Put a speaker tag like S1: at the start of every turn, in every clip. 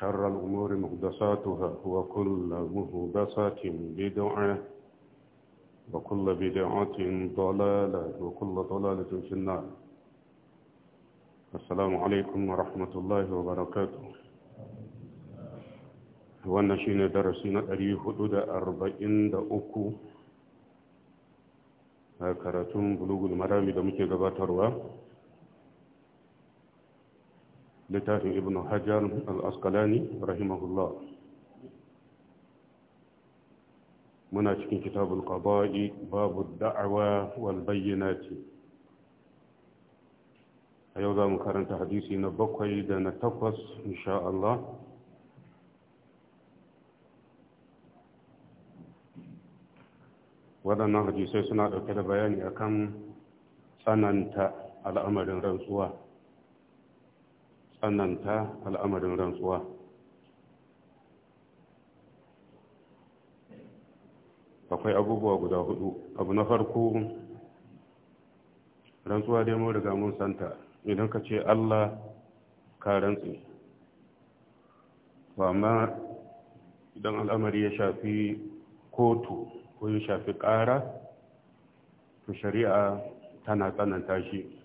S1: شر الأمور مهدساتها وكل مهدسة بدعة وكل بدعة ضلالة وكل ضلالة في النار السلام عليكم ورحمة الله وبركاته wannan shine darasi na 443 a karatun bulugul marami da muke gabatarwa لتاف ابن حجر الأسقلاني رحمه الله منا كتاب القضاء باب الدعوة والبينات أيضا أيوة، مقارنة حديثي نبقي دنا تفس إن شاء الله waɗannan hadisai suna ɗauke da أكم سننت على أمر rantsuwa tsananta al'amarin rantsuwa akwai abubuwa guda hudu abu na farko rantsuwa dai mun riga mun santa idan ka ce allah ka rantsi ba ma idan al'amari ya shafi kotu ko ya shafi ƙara to shari'a tana tsananta shi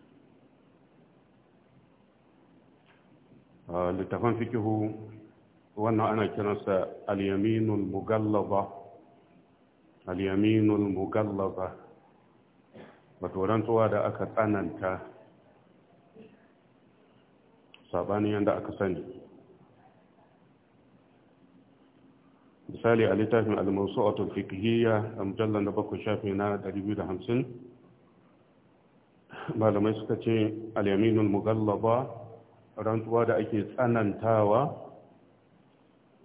S1: littafan fikihu wannan ana kiransa al mugallaba al-yaminul mugallaba wato rantsuwa da aka tsananta sabanin yadda aka sani misali a littafin al-mawsu'atul fiqhiyya a mujallar da bakwai shafi na 250 malamai suka ce al mugallaba rantsuwa da ake tsanantawa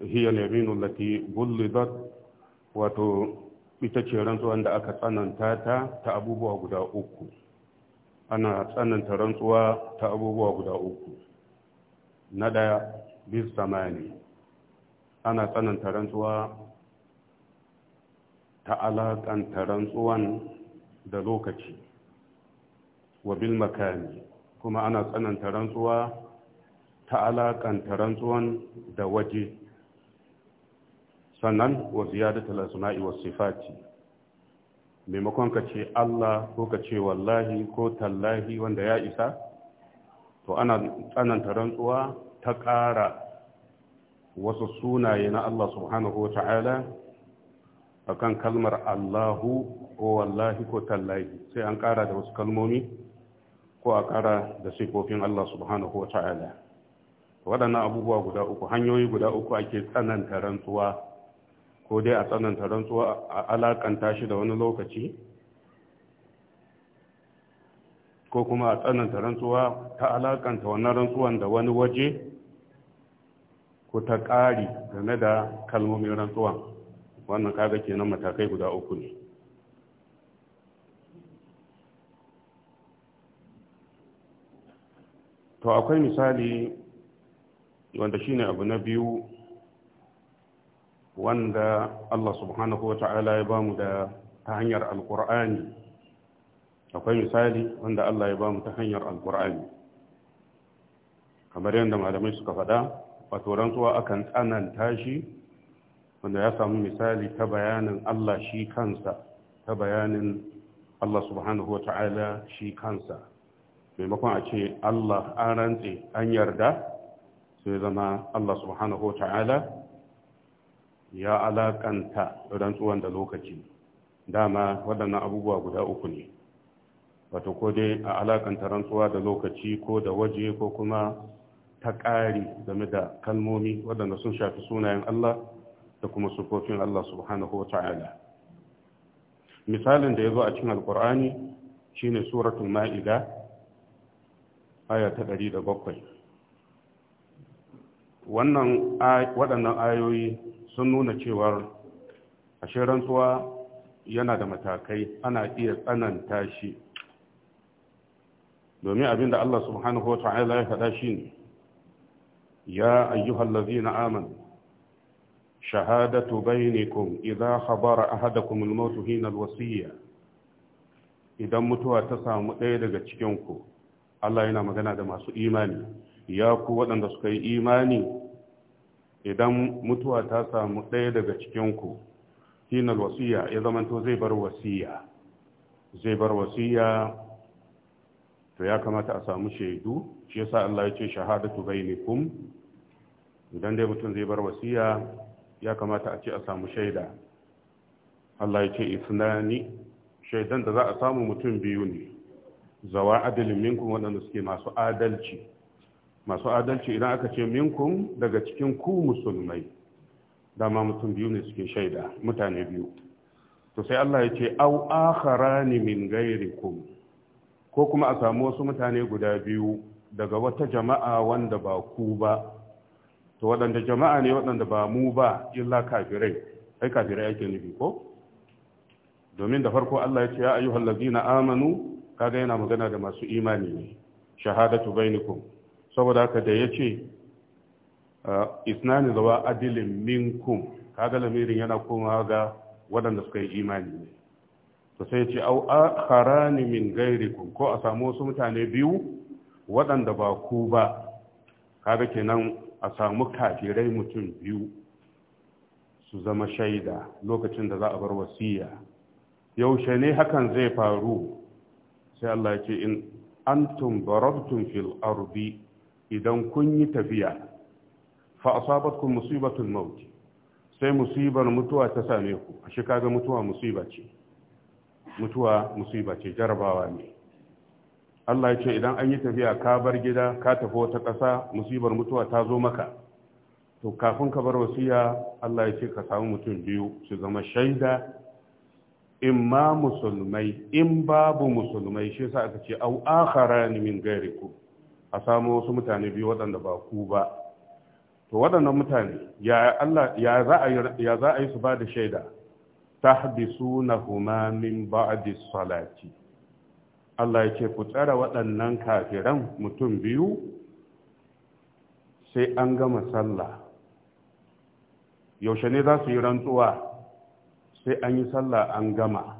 S1: hiyar yaminu lati bullidat wato ita ce rantuwa da aka tsananta ta ta abubuwa guda uku ana tsananta rantsuwa ta abubuwa guda uku na ɗaya bis samani ana tsananta rantsuwa ta alakanta rantsuwan da lokaci wa bil makami kuma ana tsananta rantsuwa ta alaƙanta rantsuwan da waje sannan wa ziyadatul asma'i was sifati maimakon ka ce Allah ko ka ce wallahi ko tallahi wanda ya isa to ana tsananta rantsuwa ta ƙara wasu sunaye na Allah subhanahu wata'ala akan kalmar Allahu ko wallahi ko tallahi sai an ƙara da wasu kalmomi ko a ƙara da sifofin Allah subhanahu ta'ala. waɗannan abubuwa guda uku hanyoyi guda uku ake tsananta rantsuwa ko dai a tsananta rantsuwa a alakanta shi da wani lokaci ko kuma a tsananta rantsuwa ta alakanta wannan rantsuwan da wani waje ko ta ƙari game da kalmomin rantsuwan wannan kaga kenan matakai guda uku ne to akwai misali wanda shine abu na biyu wanda Allah subhanahu wa ta'ala ya bamu da ta hanyar alkur'ani akwai misali wanda Allah ya bamu ta hanyar alkur'ani kamar yadda malamai suka faɗa wato rantsuwa akan tsananta shi wanda ya samu misali ta bayanin Allah shi kansa ta bayanin Allah subhanahu wa ta'ala shi kansa maimakon a ce Allah an rantse an yarda sai zama Allah subhanahu wa ta'ala ya alaƙanta rantsuwan da lokaci dama waɗannan abubuwa guda uku ne wato ko dai a alaƙanta rantsuwa da lokaci ko da waje ko kuma ta ƙari game da kalmomi waɗanda sun shafi sunayen Allah da kuma sufofin Allah subhanahu wa ta'ala misalin da ya zo a cikin alkur'ani shine suratun ma'ida aya ta bakwai. wannan waɗannan ayoyi sun nuna cewar ashe rantsuwa yana da matakai ana iya tsananta shi domin abinda Allah subhanahu wa ta'ala ya faɗa shi ne ya ayyuhal ladzina aman shahadatu bainakum idza khabara ahadakum al-maut hina al-wasiyya idan mutuwa ta samu ɗaya daga cikin ku Allah yana magana da masu imani ya ku waɗanda suka yi imani idan mutuwa ta samu ɗaya daga cikinku hinal wasiya ya zamanto zai bar wasiya zai bar wasiya to ya kamata a samu shaidu shi yasa Allah ya ce shahadatu bainakum idan dai mutum zai bar wasiya ya kamata a ce a samu shaida Allah ya ce isnani shaidan da za a samu mutum biyu ne zawa adalin minkum waɗanda suke masu adalci masu adalci idan aka ce minkum daga cikin ku musulmai dama mutum biyu ne suke shaida mutane biyu to sai Allah ya ce au akharani min ghairikum ko kuma a samu wasu mutane guda biyu daga wata jama'a wanda ba ku ba to waɗanda jama'a ne waɗanda ba mu ba illa kafirai ai kafirai ake nufi ko domin da farko Allah ya ce ya ayyuhallazina amanu kaga yana magana da masu imani ne shahadatu bainakum saboda haka da ya ce ah, isnani zawa adilin minkum kaga lamirin yana koma ga waɗanda suka yi imani ne to sai ce au akharani min gairikum ko a samu wasu mutane biyu waɗanda ba ku ba kaga kenan a samu kafirai mutum biyu su zama shaida lokacin da za a bar wasiya yaushe ne hakan zai faru sai Allah ya ce in antum barabtum fil ardi idan kun yi tafiya fa asabatkum musibatul maut sai musibar mutuwa ta same ku ashe kaga mutuwa musiba ce mutuwa musiba ce jarabawa ne Allah ya ce idan an yi tafiya ka bar gida ka tafi wata ƙasa musibar mutuwa ta zo maka to kafin ka bar wasiya Allah ya ce ka samu mutum biyu su zama shaida in ma musulmai in babu musulmai shi yasa aka ce au akharani min gairikum a samu wasu mutane biyu waɗanda ba ku ba to waɗannan mutane ya za a yi su ba da shaida tahbisunahuma min ba'di salati Allah ya ce ku tsara waɗannan kafiran mutum biyu sai an gama sallah yaushe ne za su yi rantsuwa sai an yi sallah an gama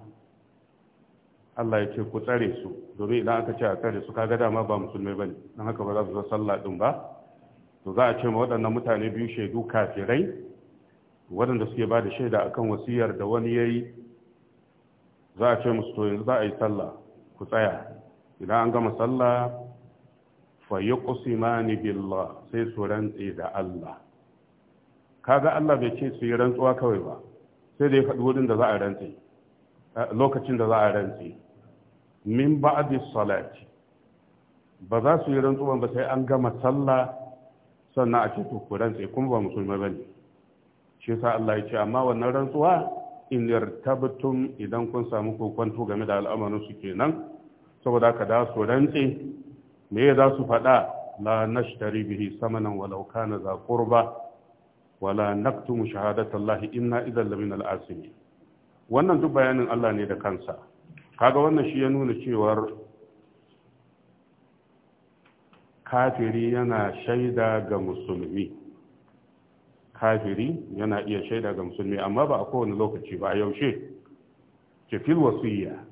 S1: Allah ya ce ku tsare su domin idan aka ce a kare su kaga dama ba ba ne, don haka ba za su zo sallah din ba to za a ce ma waɗannan mutane biyu shaidu kafirai waɗanda suke ba da shaida akan wasiyar da wani ya yi, za a ce musu to yanzu za a yi sallah ku tsaya idan an gama sallah fa yuqsimani billah sai su rantse da Allah kaga Allah bai ce su yi rantsuwa kawai ba sai da ya faɗi wurin da za a rantse lokacin da za a rantse min ba'di salati ba za su yi rantsuwan ba sai an gama sallah sannan a ce to ku rantsa kuma ba musulmai bane shi sa Allah ya ce amma wannan rantsuwa in yartabtum idan kun samu kokonto game da al'amarin su kenan saboda ka da su rantse me za su faɗa la nashtari bihi samanan walau kana za qurba wala naktumu shahadatallahi inna idan lamina al'asimi wannan duk bayanin Allah ne da kansa kaga wannan shi ya nuna cewar kafiri yana shaida ga musulmi kafiri yana iya shaida ga musulmi amma ba a kowane lokaci ba a yaushe ke fil wasiya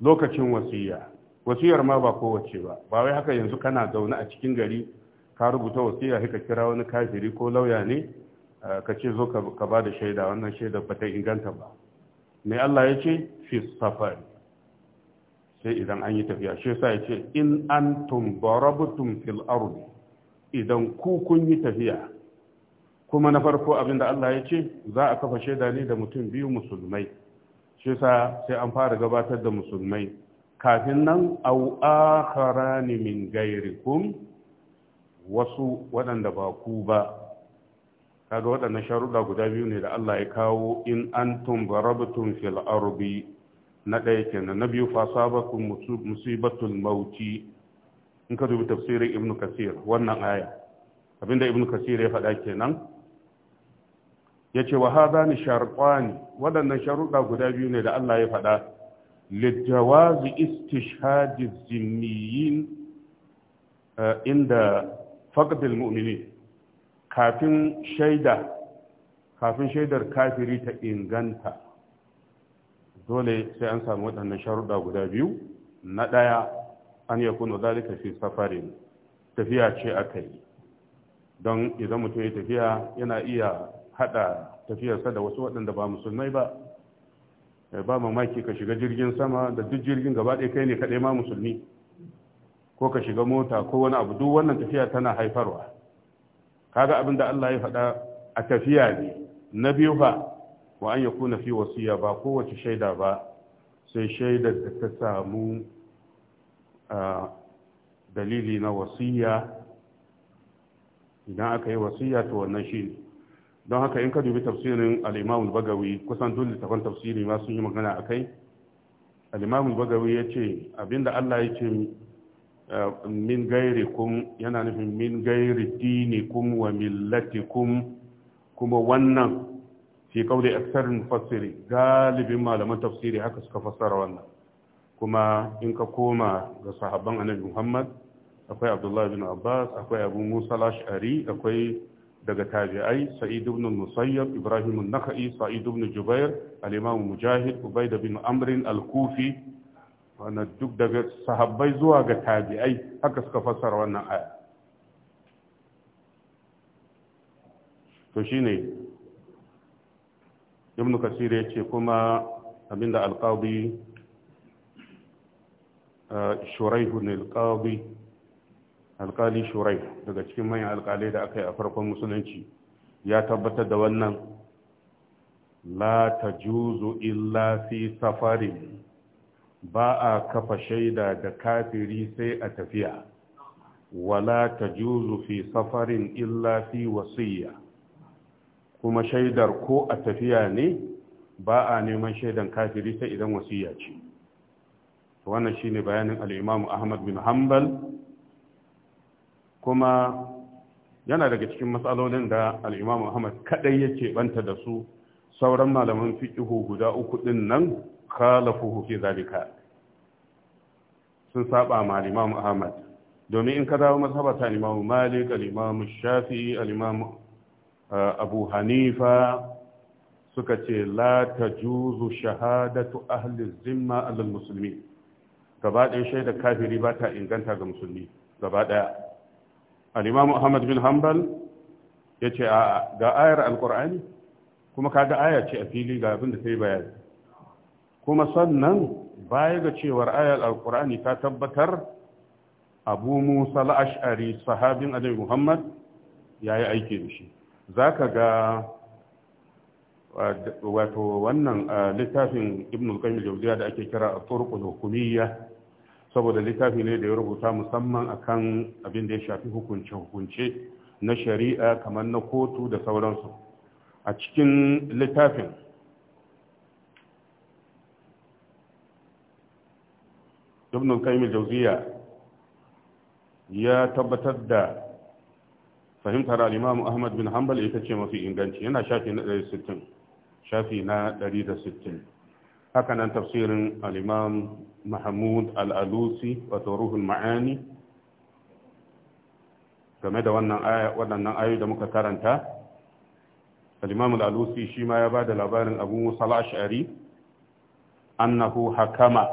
S1: lokacin wasiya wasiyar ma ba kowace ba ba wai haka yanzu kana zaune a cikin gari ka rubuta wasiya ka kira wani kafiri ko lauya ne eh, ka ce zo ka ba da shaida wannan shaida ba ta inganta ba mai Allah ya ce fi safari sai idan an yi tafiya shi sa ya ce in an darabtum fil ardi idan ku kun yi tafiya kuma na farko abinda Allah ya ce za a kafa shaida ne da mutum biyu musulmai shi sa sai an fara gabatar da musulmai kafin nan au akharani min gairikum wasu waɗanda ba ku ba kaga waɗannan sharuɗa guda biyu ne da Allah ya kawo in antum darabtum fil ardi na ɗaya kenan na biyu fasabakum musibatul mauti in ka dubi tafsirin ibnu kasir wannan aya abinda ibnu kasir ya faɗa kenan ya ce wa haza ni sharqani waɗannan sharuɗa guda biyu ne da Allah ya faɗa lijawazi istishhadi zimmiyin eh, inda faqdil mu'minin kafin shaida kafin shaidar kafiri ta inganta dole sai an samu waɗannan sharuɗa guda biyu na ɗaya an ya kuna zalika fi safarin tafiya ce a kai. don idan mutum ya tafiya yana iya haɗa tafiyarsa da wasu waɗanda ba musulmai ba eh, ba mamaki ka shiga jirgin sama da duk jirgin gaba ɗaya kai ne kaɗai ma musulmi ko ka shiga mota ko wani abu duk wannan tafiya tana haifarwa kaga abin da Allah ya faɗa a tafiya ne na biyu fa wa an yakuna fi wasiya ba kowace shaida ba sai shaida da ta samu dalili na wasiya idan aka yi wasiya to wannan shi don haka in ka dubi tafsirin al'imamun bagawi kusan duk littafan tafsiri ma sun yi magana a kai al'imamun bagawi ya ce abinda allah ya ce min gairi kum yana nufin min gairi dini kum wa millati kum kuma wannan fi kauli aksar mufassiri galibin malaman tafsiri haka suka fassara wannan kuma in ka koma ga sahabban annabi Muhammad akwai Abdullah bin Abbas akwai Abu Musa lashari akwai daga tabi'ai Sa'id ibn Musayyab Ibrahim an-Nakhai Sa'id ibn Jubair al-Imam Mujahid Ubayd ibn Amr al-Kufi wannan duk daga sahabbai zuwa ga tabi'ai haka suka fassara wannan aya to shine ibn kasir ya ce kuma abinda alƙabi eh, alƙali shurai daga cikin manyan alƙalai da aka yi a farkon musulunci ya tabbatar da wannan la ta juzo illa fi safarin ba a kafa shaida da kafiri sai a tafiya wala ta juzu fi safarin illa fi wasiyya kuma shaidar ko a tafiya ne ba a neman shaidan kafiri sai idan wasiya ce wannan shine bayanin Al'imamu Ahmad bin Hanbal kuma yana daga cikin matsalolin da Al'imamu Ahmad kadai yake banta da su sauran malaman fiqhu guda uku din nan kalafu hufi zalika sun saba ma Al'imamu Ahmad domin in ka dawo mazhabata al Malik al'imamu shafi Al'imamu abu hanifa suka ce la ta juzu shahadatu ahli zimma alal musulmi gaba ɗaya shaida kafiri ba ta inganta ga musulmi gaba ɗaya al'imamu bin hanbal ya ce a ga ayar alkur'ani kuma kaga aya ce a fili ga abin da ta yi bayani kuma sannan baya ga cewar ayar alkur'ani ta tabbatar abu musa la'ash'ari sahabin annabi muhammad ya yi aiki da shi za ka ga wato wannan littafin ibn al-qayyim jawziya da ake kira at hukumiyya saboda littafi ne da ya rubuta musamman akan abin da ya shafi hukunce hukunce na shari'a kamar na kotu da sauransu a cikin littafin ibn al-qayyim jawziya ya tabbatar da fahimtar al ahmad bin hanbal ita ce mafi inganci yana shafi na 160 shafi na 160 haka nan tafsirin alimam imam mahmud al-alusi wato ruhul ma'ani game da wannan waɗannan ayoyi da muka karanta al al-alusi shi ma ya da labarin abu musa al-ash'ari annahu hakama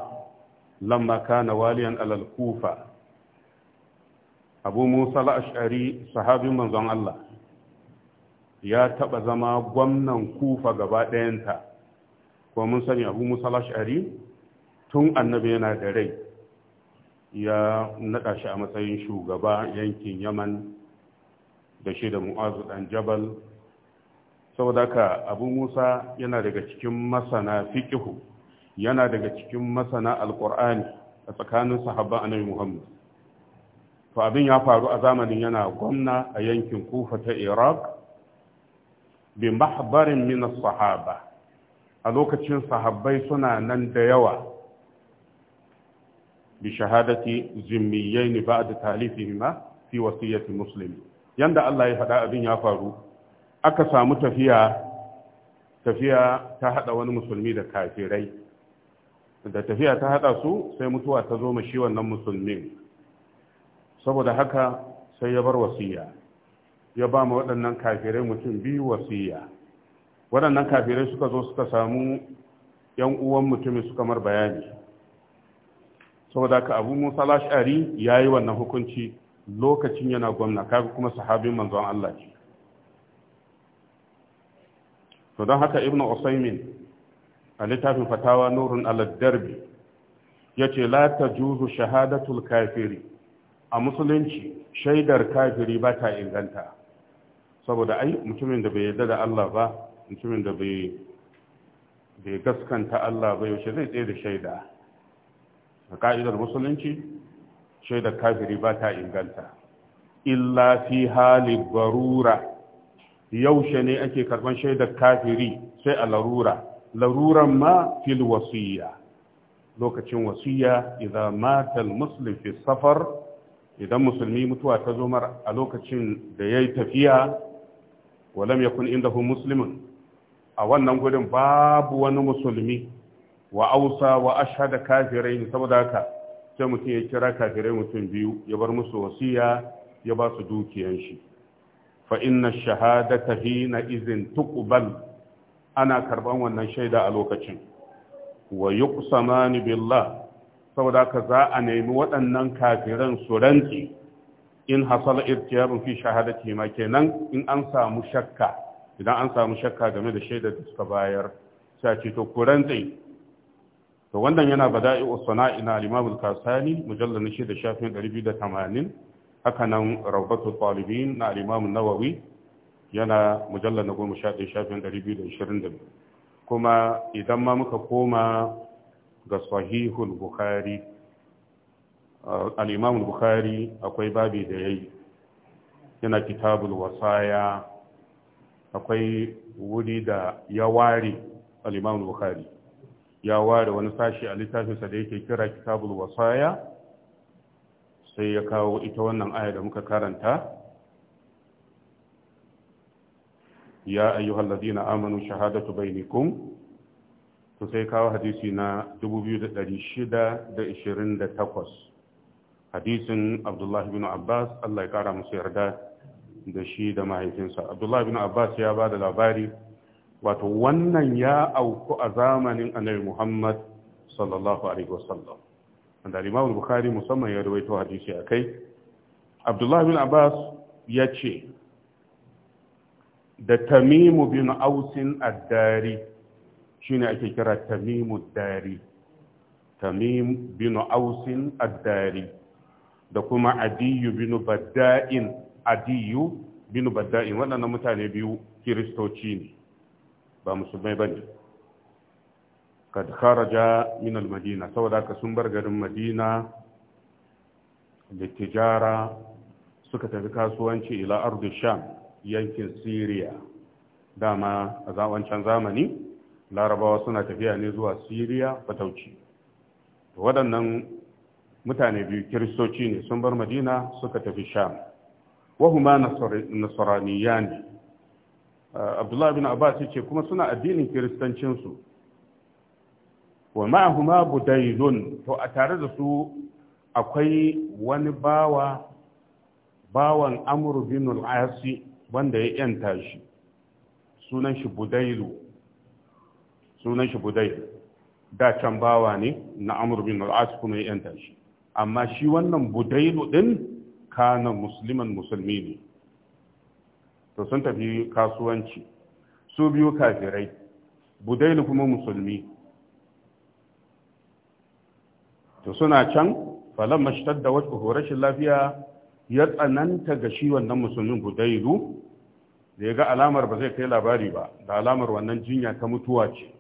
S1: lamma kana waliyan al-kufa abu musa la'ashari sahabin manzon Allah ya taɓa zama gwamnan kufa gaba ɗayanta ko mun sani abu musa la'ashari tun annabi yana da rai ya naɗa shi a matsayin shugaba yankin yaman da shi da mu'azu ɗan jabal saboda ka abu musa yana daga cikin masana fiƙihu yana daga cikin masana alƙur'ani a tsakanin sahabban annabi muhammad to abin ya faru a zamanin yana gwamna a yankin kufa ta iraq bi mahbarin min sahaba a lokacin sahabbai suna nan da yawa bi shahadati zimmiyaini ba'da talifihima fi wasiyyati muslim yanda Allah ya faɗa abin ya faru aka samu tafiya tafiya ta hada wani musulmi da kafirai da tafiya ta haɗa su sai mutuwa ta zo ma shi wannan musulmin saboda haka sai ya bar wasiya ya ba mu waɗannan kafirai mutum biyu wasiya waɗannan kafirai suka zo suka samu yan uwan mutumi su kamar bayani saboda ka abu musa lashari ya yi wannan hukunci lokacin yana gwamna kaga kuma sahabin manzon Allah ce to don haka ibnu usaimin a littafin fatawa nurun ala darbi yace la tajuzu shahadatul kafiri a musulunci shaidar kafiri ba ta inganta saboda ai mutumin da bai yarda da Allah ba mutumin da bai bai gaskanta Allah ba yaushe zai tsaye da shaida a ka'idar musulunci shaidar kafiri ba ta inganta illa fi hali barura yaushe ne ake karban shaidar kafiri sai a larura laruran ma fil wasiya lokacin wasiya idza mata al muslim fi safar idan musulmi mutuwa ta zo mara a lokacin da ya yi tafiya walam yakun indahu musulmin, a wannan gudun babu wani musulmi wa ausa wa ashhada kafirai saboda haka sai mutum ya kira kafirai mutum biyu ya bar musu wasiya ya ba su dukiyan shi fa inna shahadata fi na izin tuqbal ana karban wannan shaida a lokacin wa yuqsamani billah saboda haka za a nemi waɗannan kafiran su rantsi in hasala irtiyabun fi shahadati ma kenan in an samu shakka idan an samu shakka game da shaidar da suka bayar sai ce to ku rantsi to wannan yana bada'i usana ina al-imam al-kasani mujallal na da shafin 280 haka nan rawdatu talibin na al-imam an-nawawi yana mujallal na 11 shafin 222 kuma idan ma muka koma ga sahihul bukhari al-imam bukhari akwai babi da yayi yana kitabul wasaya akwai wuri da ya ware al-imam bukhari ya ware wani sashi a littafinsa da yake kira kitabul wasaya sai ya kawo ita wannan aya da muka karanta ya ayyuhallazina amanu shahadatu bainakum to sai kawo hadisi na 2628 hadisin abdullahi bin abbas allah ya kara musu yarda da shi da mahaifinsa abdullahi bin abbas ya ba da labari wato wannan ya auku a zamanin annabi muhammad sallallahu alaihi wasallam da imam bukhari musamman ya rawaito hadisi akai abdullahi bin abbas ya ce da tamimu bin ausin addari shine ake kira tamimu dari tamim bin ausin Adari, da kuma adiyu bin badda'in adiyu bin badda'in waɗannan mutane biyu kiristoci ne ba musulmai bane kad kharaja min al-madina saboda ka sun bar garin madina da tijara suka tafi kasuwanci ila ardu sham yankin syria dama a zawancan zamani larabawa suna tafiya ne zuwa siriya fatauci waɗannan mutane biyu kiristoci ne sun bar madina suka tafi sham wahuma nasaraniya ne uh, abdullah bin abbas ce kuma suna addinin kiristancinsu wa ma'ahuma budailun to a tare da su akwai wani bawa bawan amur binul asi wanda ya yanta shi sunan shi budailu sunan shi budai da can bawa ne na amur bin al'as kuma ya yanta shi amma shi wannan budailu din kana musliman musulmi ne to sun tafi kasuwanci su biyu kafirai budailu kuma musulmi to suna can falon mashitar da wasu rashin lafiya ya tsananta ga shi wannan musulmin budailu da ya ga alamar ba zai kai labari ba da alamar wannan jinya ta mutuwa ce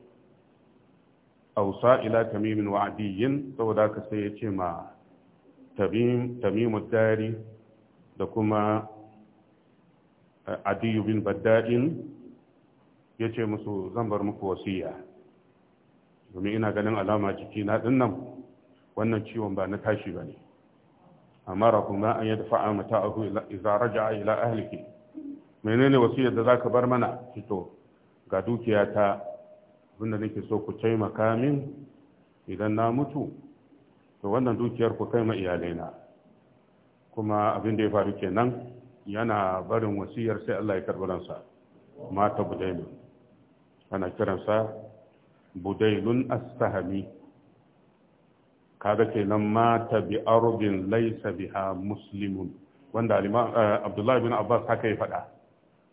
S1: ausa ila tamimin wa'adiyyin, adiyin saboda ka sai ya ce ma tamimu dari da kuma adiyubin bin badda'in ya ce musu zan bar muku wasiya domin ina ganin alama jiki na dinnan wannan ciwon ba na tashi ba ne amara kuma an yi dafa'a mata ahu izara ja'a ila ahliki menene wasiyar da zaka bar mana fito ga dukiyata abinda nake so ku taimaka min idan na mutu to wannan dukiyar ku kai ma iyalaina kuma abin da ya faru kenan yana barin wasiyar sai Allah ya karɓi ransa mata budailu ana kiransa budailun as kaga kenan mata bi arbin laysa biha muslimun wanda eh, Abdullahi bin Abbas haka ya faɗa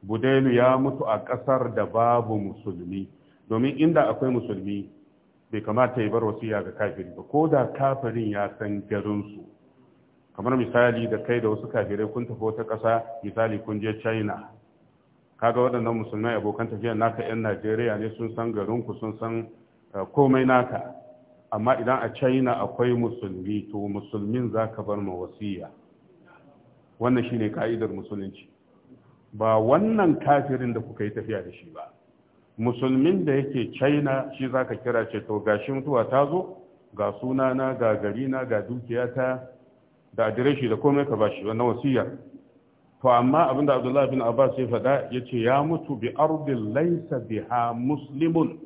S1: budailu ya mutu a ƙasar da babu musulmi domin inda akwai musulmi bai kamata ya bar wasiya ga kafiri ba ko da kafirin ya san garinsu kamar misali da kai da wasu kafirai kun tafi wata ƙasa misali kun je china kaga waɗannan musulmai abokan tafiyar naka 'yan najeriya ne sun san garinku sun san eh, komai naka amma idan a china akwai musulmi to musulmin za ka bar ma wasiya wannan shine ka'idar musulunci ba wannan kafirin da kuka yi tafiya da shi ba musulmin da yake china shi za ka kira ce to ga shi mutuwa ta zo ga sunana ga garina ga dukiyata da adireshi da komai ka bashi wannan wasiya to amma abinda abdullahi bin abbas ya faɗa ya ce ya mutu bi ardin laisa biha muslimun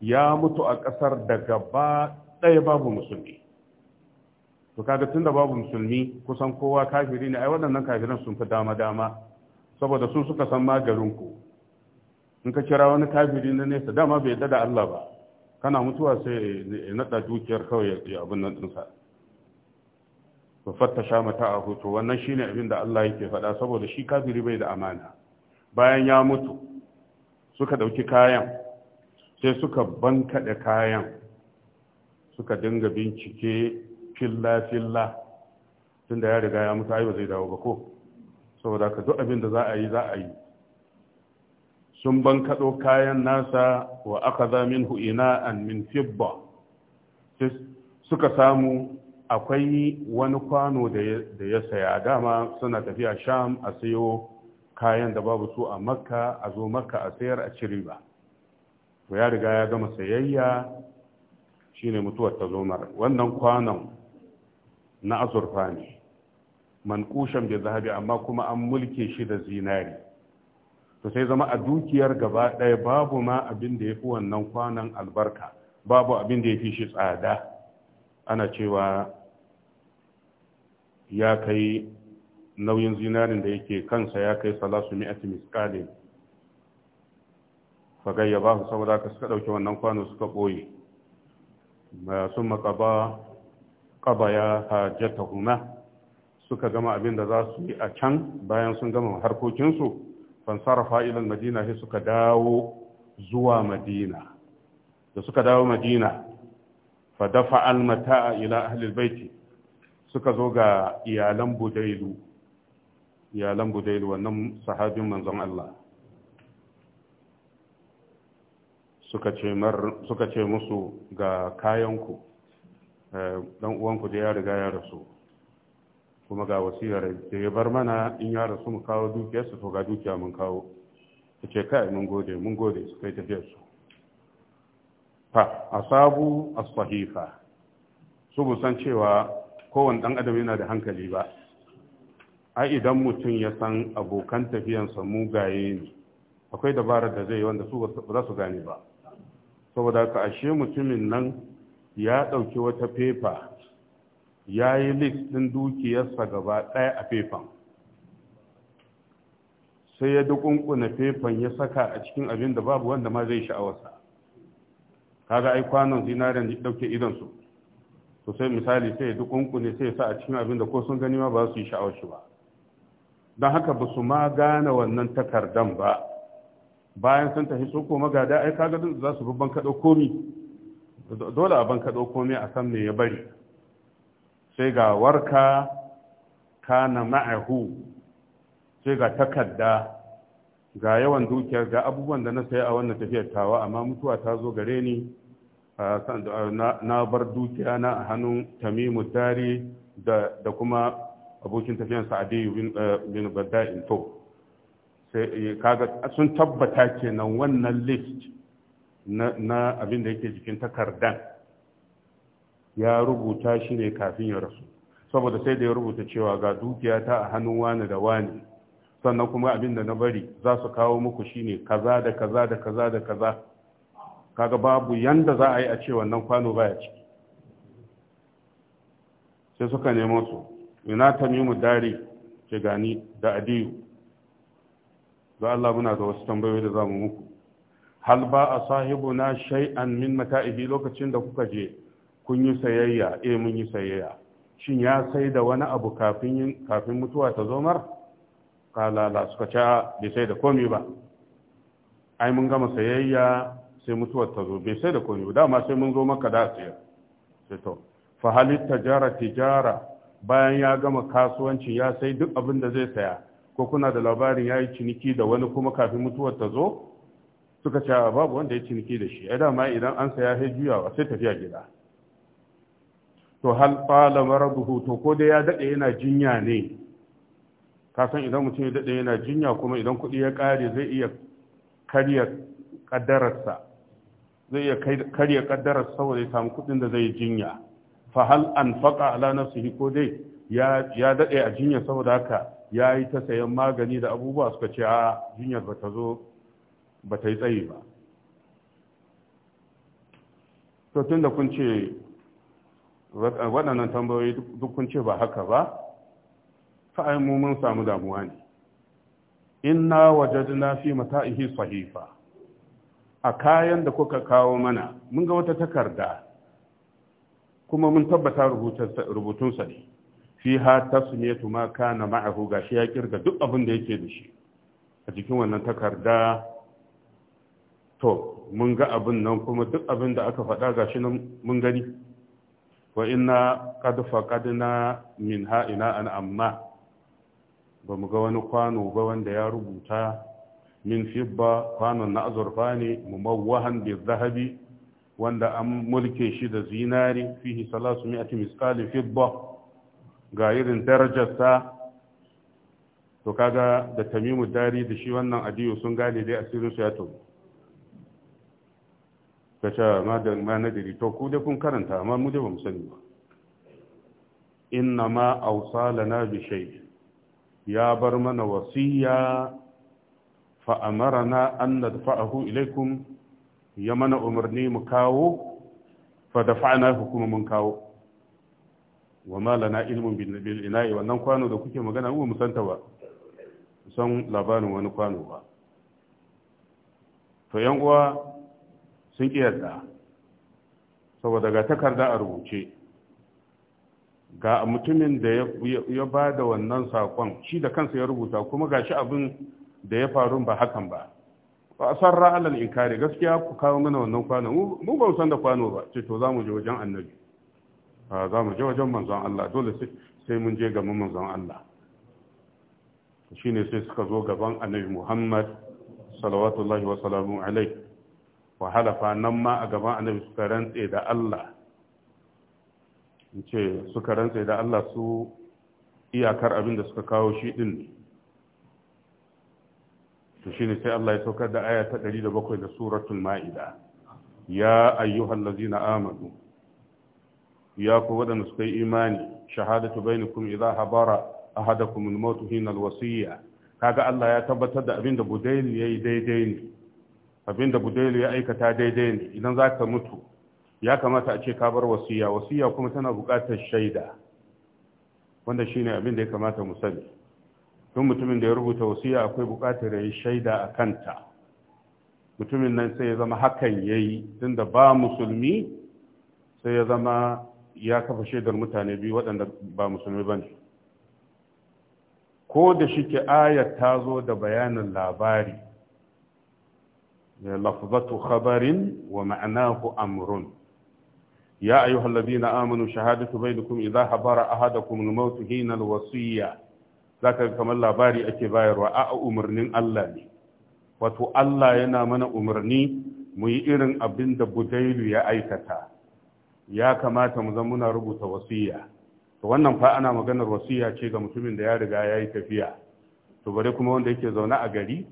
S1: ya mutu a ƙasar da gaba ɗaya babu musulmi to kaga tunda babu musulmi kusan kowa kafiri ne ai waɗannan kafiran sun fi dama dama saboda su suka san magarinku in ka kira wani kafiri na nesa dama bai da da Allah ba kana mutuwa sai ya naɗa dukiyar kawai ya abin nan ɗinsa fatta fattasha mata a hutu wannan shi ne abin da Allah yake faɗa saboda shi kafiri bai da amana bayan ya mutu suka ɗauki kayan sai suka bankaɗe kayan suka dinga bincike filla-filla Tunda ya riga ya mutu ai ba zai dawo ba ko saboda ka duk abin da za a yi za a yi sun ban bankaɗo kayan nasa wa aka zamin an min fibba suka samu akwai wani kwano da ya saya dama suna tafiya sham a sayo kayan da babu su a makka a zo makka a sayar a ciri ba to ya riga ya gama sayayya shine mutuwar ta zomar wannan kwanon na azurfa ne kushen bai zahabi amma kuma an mulke shi da zinari to sai zama a dukiyar gaba ɗaya babu ma abin da ya fi wannan kwanan albarka babu abin da ya fi shi tsada ana cewa ya kai nauyin zinarin da yake kansa ya kai salasu mi'ati miskalin fagayya ba su saboda ka suka ɗauki wannan kwano suka ɓoye sun makaba ƙabaya hajjata huna suka gama abin da za su yi a can bayan sun gama harkokinsu fansarafa ilan madina sai suka dawo zuwa madina da suka dawo madina fa dafa almata'a ila ahlil baiti suka zo ga iyalan budailu iyalan budailu wannan sahabin manzon Allah suka ce musu ga kayanku eh, dan uwanku da ya riga ya rasu kuma ga wasiyar da ya bar mana in ya rasu mu kawo dukiyarsu to ga dukiya mun kawo ta ce kai mun gode mun gode su kai tafiyarsu fa asabu as-sahifa su bu san cewa kowane dan adam yana da hankali ba ai idan mutum ya san abokan tafiyansa mugaye ne akwai dabarar da zai yi wanda su ba za su gane ba saboda ka ashe mutumin nan ya ɗauki wata fefa ya yi list ɗin dukiyarsa gaba ɗaya a fefan sai ya dukunkuna fefan ya saka a cikin abin da babu wanda ma zai sha'awarsa kaga ai kwanon zinaren da ɗauke idonsu to sai misali sai ya dukunkune sai ya sa a cikin abin da ko sun gani ma ba su yi sha'awar ba don haka ba su ma gane wannan takardan ba bayan sun tafi su ko magada ai kaga za su bi ban komi dole a ban kaɗo komi a san me ya bari sai ga warka kana ma'ahu sai ga takarda ga yawan dukiyar ga abubuwan da na saya a wannan tafiyar tawa amma mutuwa ta zo gare ni na bar dukiya na a hannun tamimu dari da kuma abokin tafiyarsa sa'adiyu bin to sai eh, kaga sun tabbata kenan wannan list na abin da yake jikin takardan ya rubuta shi ne kafin ya rasu saboda sai da ya rubuta cewa ga dukiyata a hannun wani da wani sannan kuma abin da na bari za su kawo muku shi ne, kaza da kaza da kaza da kaza kaga babu yanda za a yi a ce wannan kwano baya ciki sai suka nemo su ina ta mimu dari ce gani da adiyu ga Allah muna da wasu tambayoyi da za mu muku hal ba a sahibu na shay'an min mata'ibi lokacin da kuka je kun yi sayayya eh mun yi sayayya shin ya sai da wani abu kafin kafin mutuwa ta zo mar kala la suka ce bai sai da komai ba ai mun gama sayayya sai mutuwar ta zo bai sai da komai ba dama sai mun zo maka da sayar sai to fa halit tajara tijara bayan ya gama kasuwanci ya sai duk abin da zai saya ko kuna da labarin ya yi ciniki da wani kuma kafin mutuwar ta zo suka ce babu wanda ya ciniki da shi ai dama idan an saya sai juyawa sai tafiya gida to hal fala maraduhu to ko dai ya dade yana jinya ne ka san idan mutum ya dade yana jinya kuma idan kuɗi ya ƙare zai iya karya kaddararsa zai iya karya kaddarar saboda ya samu kuɗin da zai jinya fa hal anfaqa ala nafsihi ko dai ya ya dade a jinya saboda haka ya yi ta sayan magani da abubuwa suka ce a jinyar ba ta zo ba ta yi tsayi ba to tun da kun ce waɗannan tambayoyi duk ce ba haka ba fa'ai mu mun samu damuwa ne inna wajadna fi mata'ihi sahifa a kayan da kuka kawo mana mun ga wata takarda kuma mun tabbata rubutunsa ne fi ha tasmiyatu ma kana ma'ahu gashi ya kirga duk abin da yake da shi a cikin wannan takarda to mun ga abin nan kuma duk abin da aka faɗa gashi nan mun gani wa ina qad faqadna min ha'ina an amma ba mu ga wani kwano ba wanda ya rubuta min fibba kwanon na azurfa ne mumawwahan bi zahabi wanda an mulke shi da zinari fihi salasu mi'ati misqali fibba ga irin darajarsa to kaga da tamimu dari da shi wannan adiyo sun gane dai asirin su ya tobi ka ce ma da ma to ku dai kun karanta amma mu dai ba mu sani ba inna ma awsalana bi shay ya bar mana wasiya fa amarna an nadfa'ahu ilaikum ya mana umarni mu kawo fa dafa'na hukuma mun kawo wa ma lana ilmun bil ina'i wannan kwano da kuke magana mu mu santa ba san labarin wani kwano ba to yan uwa sun yarda saboda ga takarda a rubuce ga mutumin da ya ba da wannan saƙon shi da kansa ya rubuta kuma ga shi abin da ya faru ba hakan ba ba a sarra alal inkari gaskiya ku kawo mana wannan kwano mu ba san da kwano ba ce to za mu je wajen annabi za mu je wajen manzon Allah dole sai mun je gaban manzon Allah shine sai suka zo gaban annabi Muhammad sallallahu wa sallam alaihi wa halafa nan ma a gaban annabi suka rantse da Allah ce suka rantse da Allah su iyakar abin da suka kawo shi din ne to ne sai Allah ya saukar da aya ta 107 da suratul ma'ida ya ayyuhal ladzina amanu ya ku waɗanda suka yi imani shahadatu bainakum idza habara ahadakum al-maut hina al-wasiyya kaga Allah ya tabbatar da abin da budayl yayi daidai ne Abin da budailu ya aikata daidai ne idan za ka mutu ya kamata a ce ka bar wasiya wasiya kuma tana buƙatar shaida wanda ne abin da ya kamata mu sani Tun mutumin da ya rubuta wasiya akwai buƙatar yayi shaida a kanta mutumin nan sai ya zama hakan ya yayi tunda ba musulmi sai ya zama ya kafa shaidar mutane biyu waɗanda ba musulmi ba ne. ko da shi ke ayar ta zo da bayanin labari lafzatu khabarin wa ma'anahu amrun ya ayyuha alladhina amanu shahadatu bainakum idha habara ahadakum al-maut hina al-wasiyya zaka kamar labari ake bayarwa A'a umarnin Allah ne wato Allah yana mana umarni mu yi irin abinda da ya aikata ya kamata mu zama muna rubuta wasiyya to wannan fa ana maganar wasiyya ce ga mutumin da ya riga ya yi tafiya to bare kuma wanda yake zaune a gari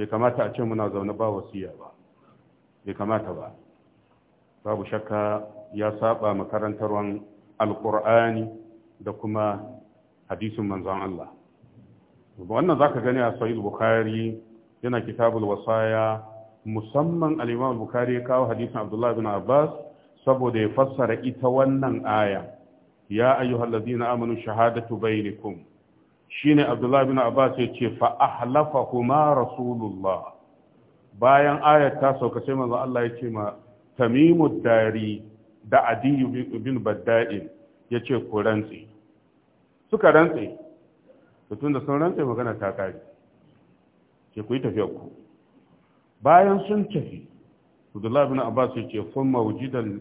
S1: bai kamata a ce muna zaune ba wasiya ba bai kamata ba babu shakka ya saba makarantarwan alkur'ani da kuma hadisin manzon Allah wannan zaka gani a sahih bukhari yana kitabul wasaya musamman al-imam bukhari ya kawo hadisin abdullahi bin abbas saboda ya fassara ita wannan aya ya ayyuhallazina amanu shahadatu bainakum shine abdullahi bin abbas ya ce fa ahlafahuma rasulullah bayan ayat ta sauka sai manzo Allah ya ce ma tamimu dari da adiyu bin badda'in ya ce ku rantse suka rantse tun da sun rantse magana ta kare ke ku yi tafiya ku bayan sun tafi abdullahi bin abbas ya ce fun mawujidan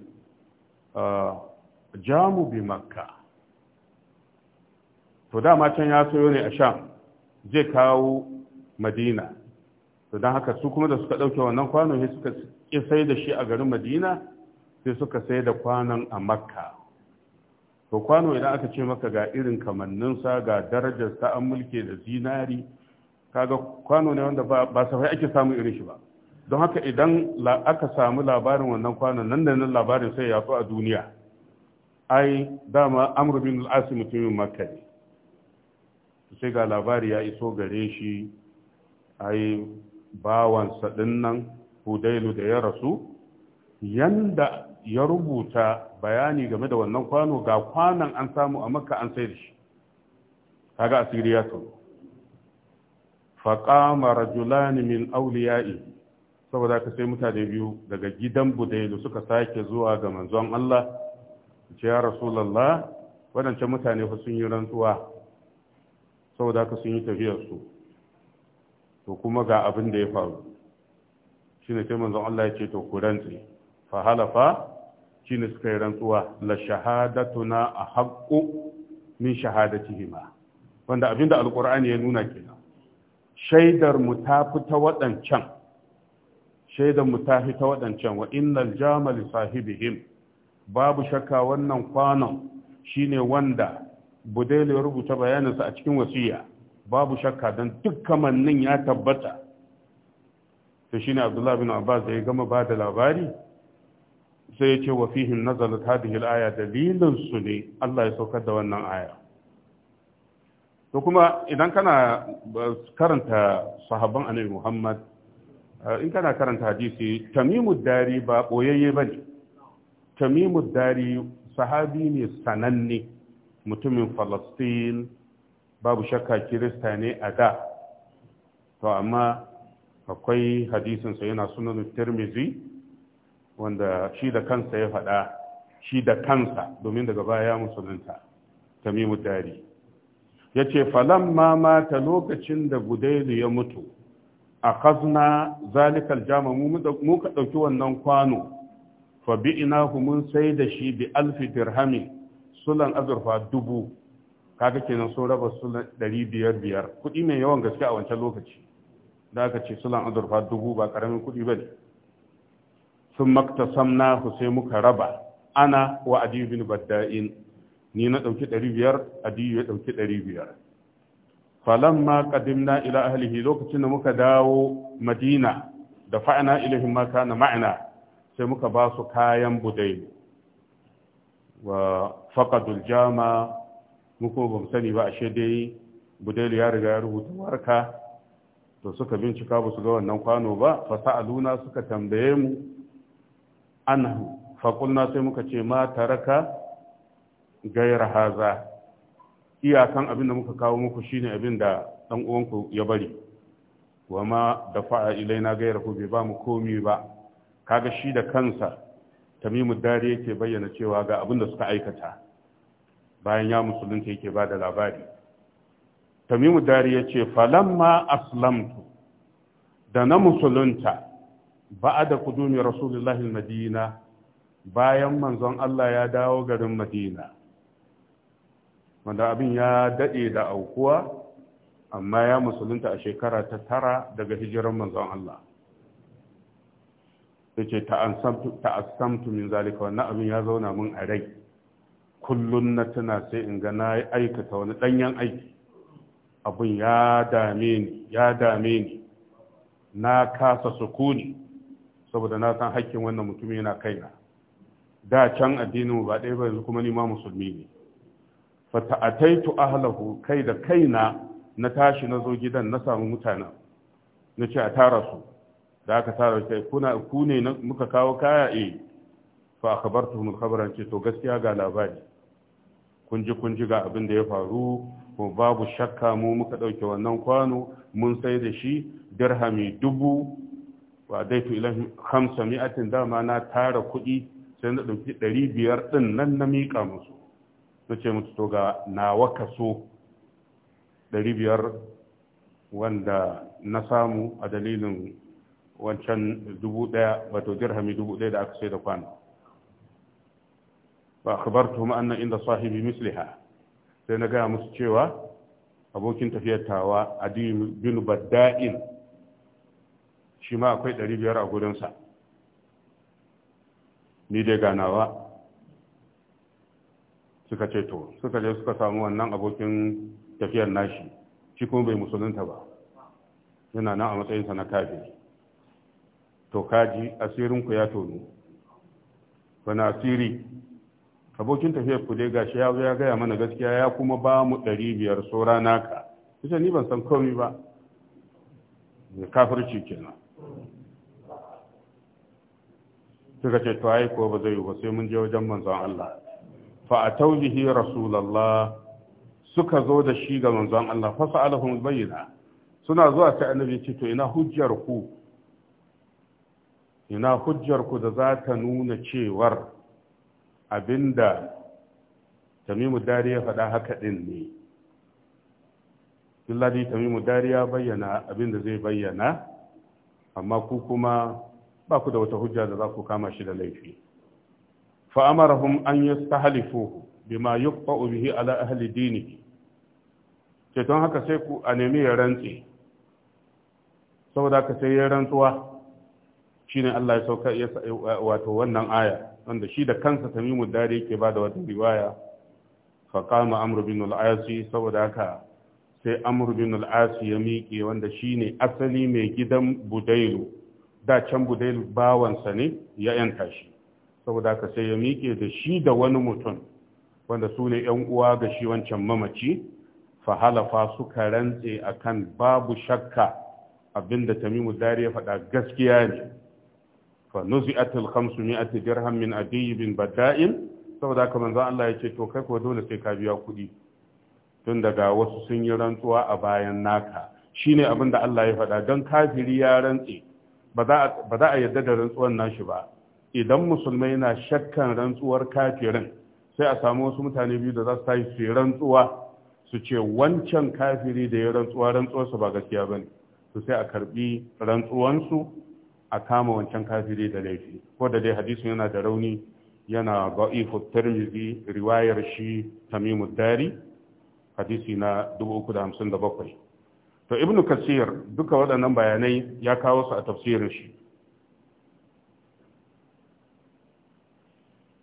S1: ah, jamu bi makka to dama can ya soyo ne a sham zai kawo madina to don haka su kuma da suka ɗauke wannan kwano, ne suka sai da shi a garin madina sai suka sai da kwanon a makka to kwano idan aka ce maka ga irin kamanninsa ga darajar an mulke da zinari kaga kwano ne wanda ba safai ake samun irin shi ba don haka idan aka samu labarin wannan kwano, nan da nan labarin sai ya a duniya ai dama amr bin al mutumin makka ne sai ga labari ya iso gare shi ai bawansa dinnan hudailu da ya rasu yanda ya rubuta bayani game da wannan kwano ga kwanan an samu a makka an sai shi kaga asiri ya tono faƙama rajulani min awliya'i saboda ka sai mutane biyu daga gidan budailu suka sake zuwa ga manzon Allah ce ya rasulullah waɗancan mutane fa sun yi rantsuwa saboda haka sun yi tafiyarsu to kuma ga abin da ya faru shi ne sai Allah ya ce to ku rantse fa halafa shi ne suka yi rantsuwa la shahadatuna a haƙƙo min shahadatihima wanda abin abinda alƙur'ani ya nuna kenan shaidar mu ta fita waɗancan shaidar mu ta fita waɗancan wa innal jamal sahibihim babu shakka wannan kwanon shine wanda budele ya rubuta bayaninsa a cikin wasiya babu shakka don duk kamannin ya tabbata shi ne abdullahi bin abbas da ya gama ba da labari sai ya ce wa fihin nazar ta da aya dalilin su ne Allah ya saukar da wannan aya to kuma idan kana karanta sahabban annabi Muhammad eh, in kana karanta hadisi tamimud dari ba boyayye bane tamimud dari sahabi ne sananne mutumin falastin babu shakka kirista ne a da to amma akwai hadisinsa yana sunan tirmizi wanda shi da kansa ya faɗa shi da kansa domin daga baya musulunta tamimu dari ya ce falon mata lokacin da gudailu ya mutu a kazna zalikal jama mu ka ɗauki wannan kwano fa inaku mun sai da shi bi alfi dirhamin sulan azurfa dubu kaga kenan sun raba sulan ɗari biyar biyar kuɗi mai yawan gaske a wancan lokaci da aka ce sulan azurfa dubu ba ƙaramin kuɗi ba ne sun makta samna sai muka raba ana wa adiyu bin badda'in ni na ɗauki ɗari biyar adiyu ya ɗauki ɗari biyar falamma qadimna ila ahlihi lokacin da muka dawo madina da fa'ana ilahin maka na ma'ana sai muka ba su kayan budai wa faƙadul jama muku ba bamu sani ba ashe dai Budel ya riga ya rubuta warka to suka bincika ba su ga wannan kwano ba fasa aluna suka tambaye mu anhu faƙulna sai muka ce ma taraka gaira haza iyakan abin da muka kawo muku shine abin da ɗan'uwanku uwanku ya bari wa ma da na gaira ku bai ba mu komi ba kaga shi da kansa tamimu dari yake bayyana cewa ga abin da suka aikata bayan ya musulunta yake ba da labari tamimu dari ya ce falamma aslamtu da na musulunta ba'a da kudumi rasulullahi madina bayan manzon Allah ya dawo garin madina wanda abin ya daɗe da aukuwa amma ya musulunta a shekara ta tara daga hijiran manzon Allah yace ta'assamtu min zalika wannan abin ya zauna mun a rai Kullum na tana sai in ga na aikata wani ɗanyen aiki abin ya dame ni ya dame ni na kasa sukuni saboda na san hakkin wannan mutum yana kaina da can addinin ba ɗaya ba yanzu kuma ni ma musulmi ne fata ataitu ahlahu kai da kaina na tashi na zo gidan na samu mutanen na ce a tara su da aka tara kuna ku ne muka kawo kaya eh fa akhbartuhum al-khabara ce to gaskiya ga labari kun ji kun ji ga abin da ya faru ko babu shakka mu muka dauke wannan kwano mun sai da shi dirhami dubu wa daitu ilahi khamsa mi'atin dama na tara kuɗi sai na dauki ɗari biyar ɗin nan na miƙa musu na ce mutu to ga nawa kaso ɗari biyar wanda na samu a dalilin wancan dubu ɗaya wato dirhami dubu ɗaya da aka sai da kwano ba akhbartuhum anna inda sahibi misliha sai na gaya musu cewa abokin tafiyar tawa a bin badda'in shi ma akwai ɗari biyar a gurinsa ni dai ganawa suka ce to suka je suka samu wannan abokin tafiyar nashi shi kuma bai musulunta ba yana nan a matsayinsa na kafiri to kaji ku ya tonu? Bana asiri abokin tafiyar ku dai gashi ya zo ya gaya mana gaskiya ya kuma ba mu ɗari biyar saura naka ita ni ban san komai ba kafirci kenan suka ce to ai ko ba zai yi ba sai mun je wajen manzon Allah fa atau rasulullah suka zo da shi ga manzon Allah fa sa'alahum bayyana suna zuwa ta annabi ce to ina hujjar ku ina hujjarku da za ta nuna cewar abinda tamimu dariya faɗa haka ɗin ne illadi tamimu dariya bayyana abinda zai bayyana amma ku kuma ba ku da wata hujja da za ku kama shi da laifi fa'amarahum an yastahlifuhu bima yuqta'u bihi ala ahli dini ce don haka sai ku a nemi ya rantse saboda ka sai ya rantsuwa shine Allah ya sauka ya wato wannan aya wanda shi da kansa Tamimu Dari yake ba da wata riwaya fa qama Amr bin al-Asi saboda haka sai Amr bin al-Asi ya miƙe wanda shine asali mai gidan Budailu da can Budailu bawansa ne ya yanka shi saboda haka sai ya miƙe da shi da wani mutum wanda su ne ‘yan uwa ga shi wancan mamaci, fa halafa suka rantse akan babu shakka abinda Tamimu Dari ya faɗa gaskiya ne, fa nuzi'atul 500 dirham min adiy bin bada'in saboda haka manzo Allah ya ce to kai kuwa dole sai ka biya kuɗi tun daga wasu sun yi rantsuwa a bayan naka shine abin da Allah ya faɗa don kafiri ya rantse ba za a yarda da rantsuwar nashi ba idan musulmai na shakkan rantsuwar kafirin sai a samu wasu mutane biyu da za su tashi rantsuwa su ce wancan kafiri da ya rantsuwa rantsuwarsa ba gaskiya ba ne sai a karbi rantsuwansu a kama wancan kafiri da laifi ko da dai hadisin yana da rauni yana ba'ifu tirmizi riwayar shi tamimu dari hadisi na 357 to ibnu kasir duka waɗannan bayanai ya kawo su a tafsirin shi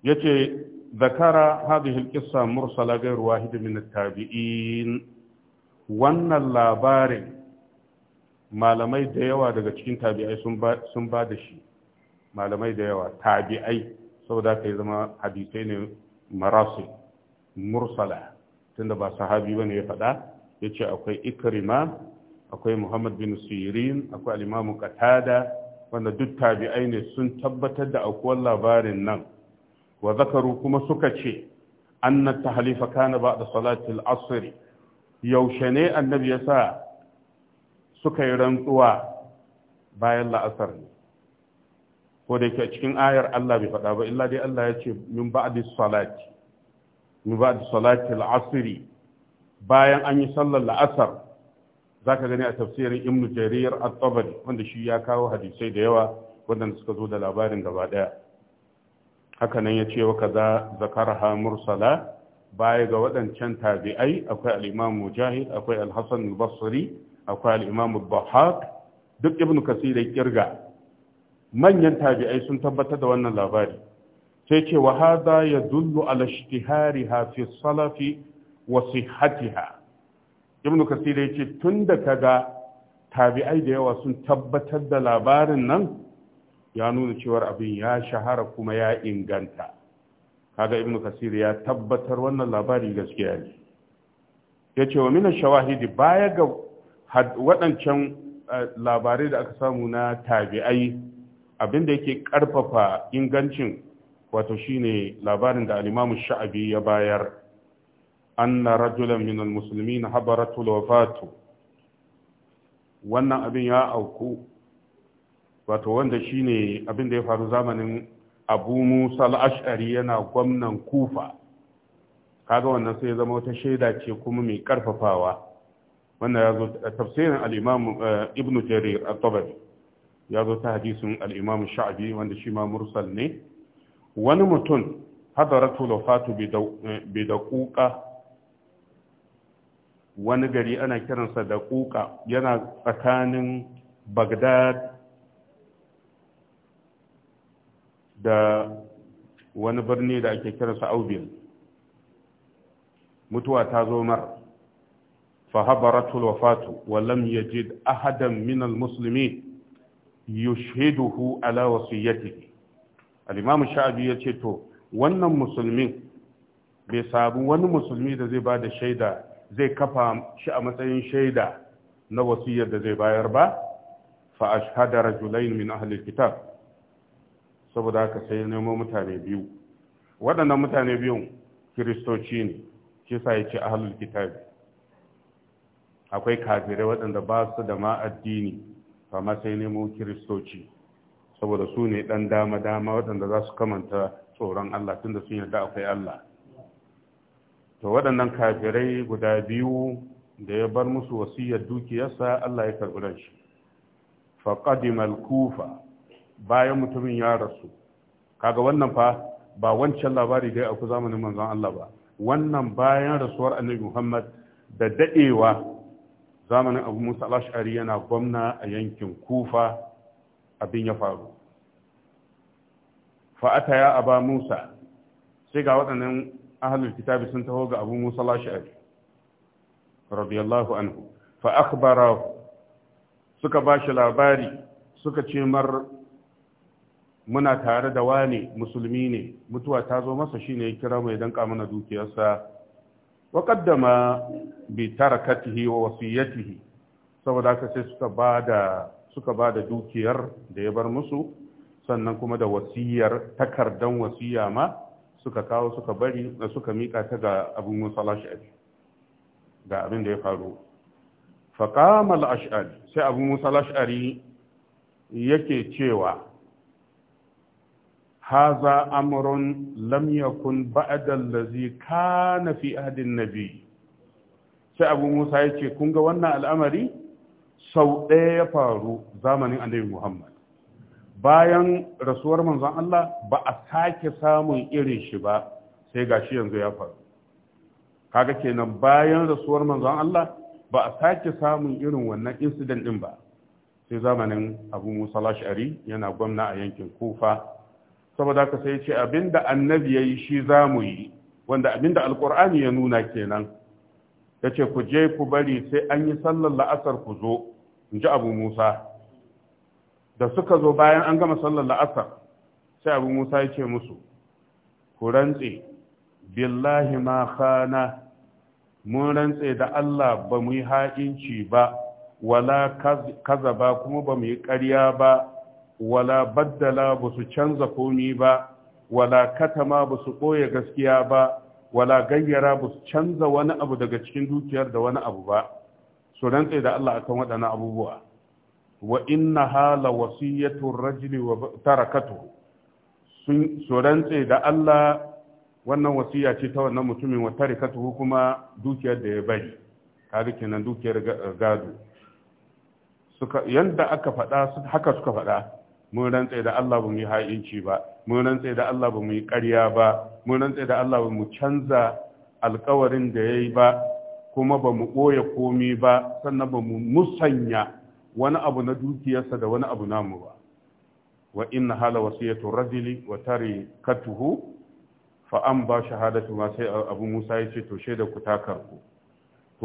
S1: yace zakara hadhihi alqissa mursala ghayr wahid min tabiin wannan labarin malamai da yawa daga cikin tabi'ai sun ba da shi malamai da yawa tabi'ai saboda ka yi zama hadisai ne marasu mursala tunda ba sahabi wani ya faɗa ya ce akwai Ikirima, akwai muhammad bin sirin akwai alimamu katada wanda duk tabi'ai ne sun tabbatar da akwai labarin nan wa zakaru kuma suka ce ta halifa kana ba da salatul asiri. yaushe ne annabi ya sa suka yi rantsuwa bayan la'asar ne ko da cikin ayar Allah bai faɗa ba illa dai Allah ya ce min ba'di salati min ba'di salati al bayan an yi sallar la'asar zaka gani a tafsirin Ibn Jarir at-Tabari wanda shi ya kawo hadisai da yawa waɗanda suka zo da labarin gaba daya haka nan ya ce wa kaza zakarha mursala baya ga waɗancan tabi'ai akwai al-Imam Mujahid akwai al-Hasan al-Basri akwai al'imamu bahak duk ibn kasir kirga manyan tabi'ai sun tabbatar da wannan labari sai ce wa hada ya dullu ala ishtihariha fi salafi wa sihhatiha ibn kasir yace tun da kaga tabi'ai da yawa sun tabbatar da labarin nan ya nuna cewar abin ya shahara kuma ya inganta kaga ibn kasir ya tabbatar wannan labari gaskiya ne yace wa min shawahidi baya ga waɗancan eh, labarai da aka samu na tabi'ai abinda yake ƙarfafa ingancin wato shine labarin da alimamu sha'abi ya bayar anna rajulan min na habaratul wafatu wannan abin ya auku wato wanda shine abin da ya faru zamanin abu musa al'ashari yana gwamnan kufa kaga wannan sai ya zama wata shaida ce kuma mai ƙarfafawa. wannan ya zo tafsirin al eh, ibn jarir at-tabari ya zo ta hadisin alimam sha'abi wanda shi ma mursal ne wani mutum hadaratu lafatu eh, bi daquqa wani gari ana kiransa daquqa yana tsakanin bagdad da wani birni da ake kiransa Aubin. mutuwa ta zo mara فهبرته الوفاة ولم يجد أحدا من المسلمين يشهده Alimami وصيته ya ce to wannan musulmin bai sabu wani musulmi da zai ba da shaida zai kafa shi a matsayin shaida na wasiyar da zai bayar ba fa ashhada rajulain min ahli kitab saboda haka sai nemo mutane biyu waɗannan mutane biyun kiristoci ne shi sa yace ahlul kitab akwai kafirai waɗanda ba su da ma'addini, addini sai nemo kiristoci saboda su ne ɗan dama-dama waɗanda za su kamanta tsoron Allah tunda sun yarda akwai Allah to waɗannan kafirai guda biyu da ya bar musu wasiyar dukiyarsa Allah ya karɓi ran shi faqadima kufa bayan mutumin ya rasu kaga wannan fa ba wancan labari dai aku zamanin manzon Allah ba wannan bayan rasuwar Annabi Muhammad da dadewa zamanin abu musa al'ashari yana gwamna a yankin kufa abin ya faru fa'ata ya aba musa sai ga waɗannan ahalul kitabi sun taho ga abu musa al'ashari radiyallahu anhu fa'akbara suka ba shi labari suka ce mar muna tare da wane musulmi ne mutuwa ta zo masa shine ya kira mai danka mana dukiyarsa wa qaddama bi tarakatihi saboda haka sai suka bada suka dukiyar da ya bar musu sannan kuma da wasiyar takardan wasiya ma suka kawo suka bari da suka mika ta ga abin musala sha'ari ga abin da ya faru faƙamal ash'ari sai abin musa ash'ari yake cewa haza amrun lam yakun ba'da allazi kana fi ahdin nabi sai abu musa ya ce kun ga wannan al'amari sau ɗaya ya faru zamanin annabi muhammad bayan rasuwar manzon allah ba a sake samun irin shi ba sai gashi yanzu ya faru kaga kenan bayan rasuwar manzon allah ba a sake samun irin wannan incident din ba sai zamanin abu musa lashari yana gwamna a yankin kufa saboda ka sai ce abinda annabi ya yi shi za mu yi wanda abinda alkur'ani ya nuna kenan ya ce ku je ku bari sai an yi sallar la'asar ku zo in ji abu musa da suka zo bayan an gama sallar la'asar sai abu musa ya ce musu ku rantse billahi ma khana mun rantse da allah ba mu yi ha'inci ba wala kazaba kuma ba mu yi ƙarya ba wala baddala ba su canza komi ba wala katama ba su ɓoye gaskiya ba wala gayyara ba su canza wani abu daga cikin dukiyar da wani abu ba So, rantse da Allah akan waɗannan abubuwa wa inna hala wasiyyatul rajuli wa tarakatuhu sun su rantse da Allah wannan wasiya ce ta wannan mutumin wa tarikatuhu kuma dukiyar da ya bari kaga kenan dukiyar gado suka yanda aka faɗa haka suka faɗa mun rantse da Allah ba mu yi ha'inci ba mun rantse da Allah ba mu yi ƙarya ba mun rantse da Allah ba mu canza alkawarin da ya yi ba kuma ba mu ɓoye komi ba sannan ba mu musanya wani abu na dukiyarsa da wani abu namu ba wa inna hala wasiyatu rajuli wa tari katuhu fa an ba shahadatu ma sai abu musa ya ce to shaida ku takarku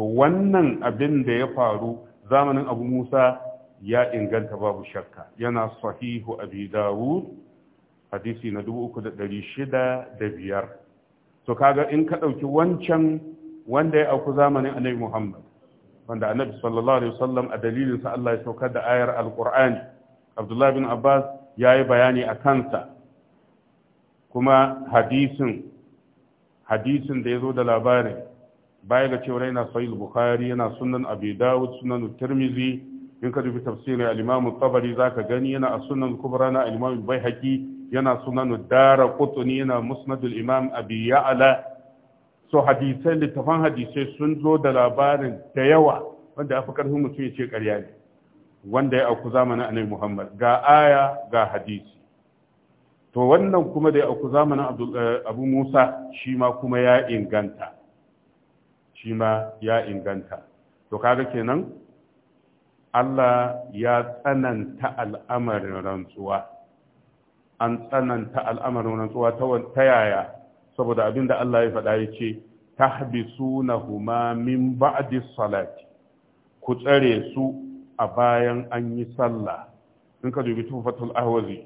S1: to wannan abin da ya faru zamanin abu musa ya inganta babu shakka yana sahihu abi dawud hadisi na 3605 to kaga in ka dauki wancan wanda ya auku zamanin annabi muhammad wanda annabi sallallahu alaihi wasallam a dalilin sa Allah ya saukar da ayar alqur'ani abdullah bin abbas yayi bayani a kansa kuma hadisin hadisin da yazo da labarin baya ga cewa yana sahih bukhari yana sunan abi dawud sunan tirmizi in ka dubi tafsirin al-Imam Tabari zaka gani yana a sunan kubra na al-Imam Baihaqi yana sunan Daraqutni yana musnad al-Imam Abi Ya'la so hadisai littafan hadisai sun zo da labarin da yawa wanda ya fi karfin mutum ya ce ƙarya ne wanda ya auku zamanin Annabi Muhammad ga aya ga hadisi to wannan kuma da ya auku zamanin eh, Abu Musa shi ma kuma ya inganta shi ma ya inganta to kaga kenan Allah ya tsananta al'amarin rantsuwa an tsananta al'amarin rantsuwa ta yaya saboda abin da Allah ya faɗa ya ce tahbisunahuma min ba'di salati ku tsare su a bayan an yi sallah in ka dubi tufatul ahwazi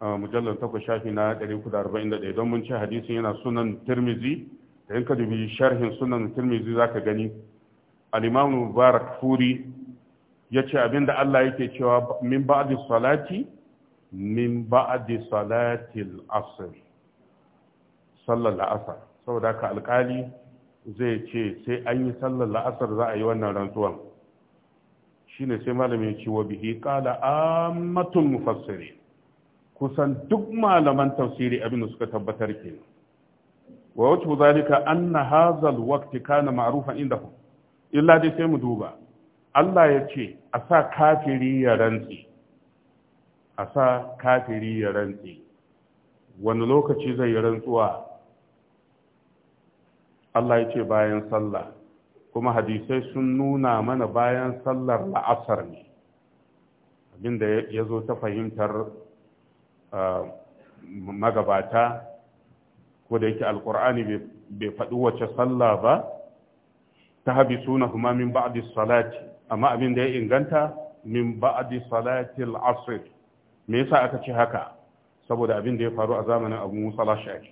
S1: mujallar takwas shafi na 341 don mun ce hadisin yana sunan tirmizi da in ka dubi sharhin sunan tirmizi ka gani al-imam mubarak furi ya ce abinda Allah yake cewa min ba'di salati min ba'di salatil asr sallar la'asar saboda haka alkali zai ce sai an yi sallar la'asar za a yi wannan rantsuwan shine sai malamin ya ce wa bihi qala ammatul mufassirin kusan duk malaman tafsiri abin da suka tabbatar ke. wa wajhu zalika anna hazal wakti kana inda ku. illa dai sai mu duba Allah ya ce a sa kafiri ya rantsi a sa kafiri ya rantsi wani lokaci zai rantsuwa Allah ya ce bayan sallah kuma hadisai sun nuna mana bayan sallar la'asar ne abinda ya zo ta fahimtar ah, magabata ko da yake alkur'ani bai faɗi wace sallah ba ta habi suna min ba'di salati amma abin da ya inganta min ba'di salatil asr me yasa aka ce haka saboda abin da ya faru a zamanin Abu Musa al-Ash'ari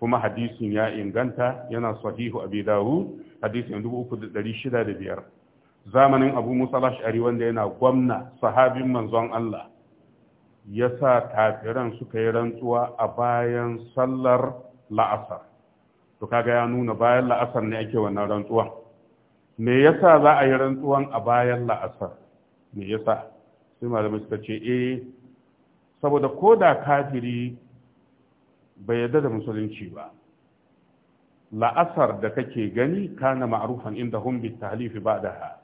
S1: kuma hadisin ya inganta yana sahihu Abi Dawud hadisin 3605 zamanin Abu Musa al-Ash'ari wanda yana gwamna sahabin manzon Allah ya sa kafiran suka yi rantsuwa a bayan sallar la'asar to kaga ya nuna bayan la'asar ne ake wannan rantsuwa me yasa za a yi rantsuwan a bayan la'asar me yasa sai malamai suka ce eh saboda ko da kafiri bai yarda da musulunci ba la'asar da kake gani kana ma'rufan inda hum bi da ba'daha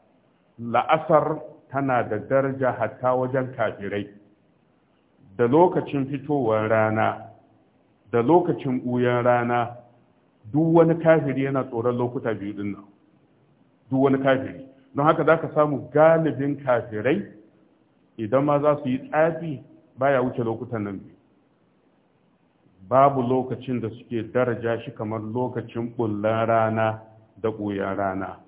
S1: la'asar tana da daraja hatta wajen kafirai da lokacin fitowar rana da lokacin ɓuyan rana duk wani kafiri yana tsoron lokuta biyu din nan duk wani kafiri don haka za ka samu galibin kafirai idan ma za su yi tsafi baya wuce lokutan nan babu lokacin da suke daraja shi kamar lokacin bullan rana da ɓoyar rana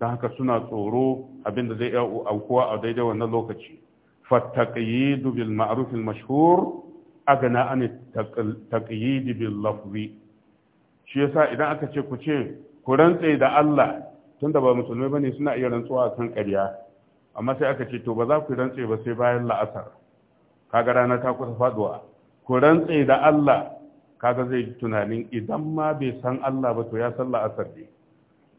S1: don haka suna tsoro abinda zai iya aukuwa a daidai wannan lokaci fattaƙayidu bil maarufin mashhur agana an taqyid bil lafzi shi yasa idan aka ce ku ce ku rantse da Allah tun da ba musulmai bane suna iya rantsuwa a kan ƙarya amma sai aka ce to ba za ku rantse ba sai bayan la'asar kaga rana ta kusa faduwa ku rantse da Allah kaga zai tunanin idan ma bai san Allah ba to ya san la'asar ne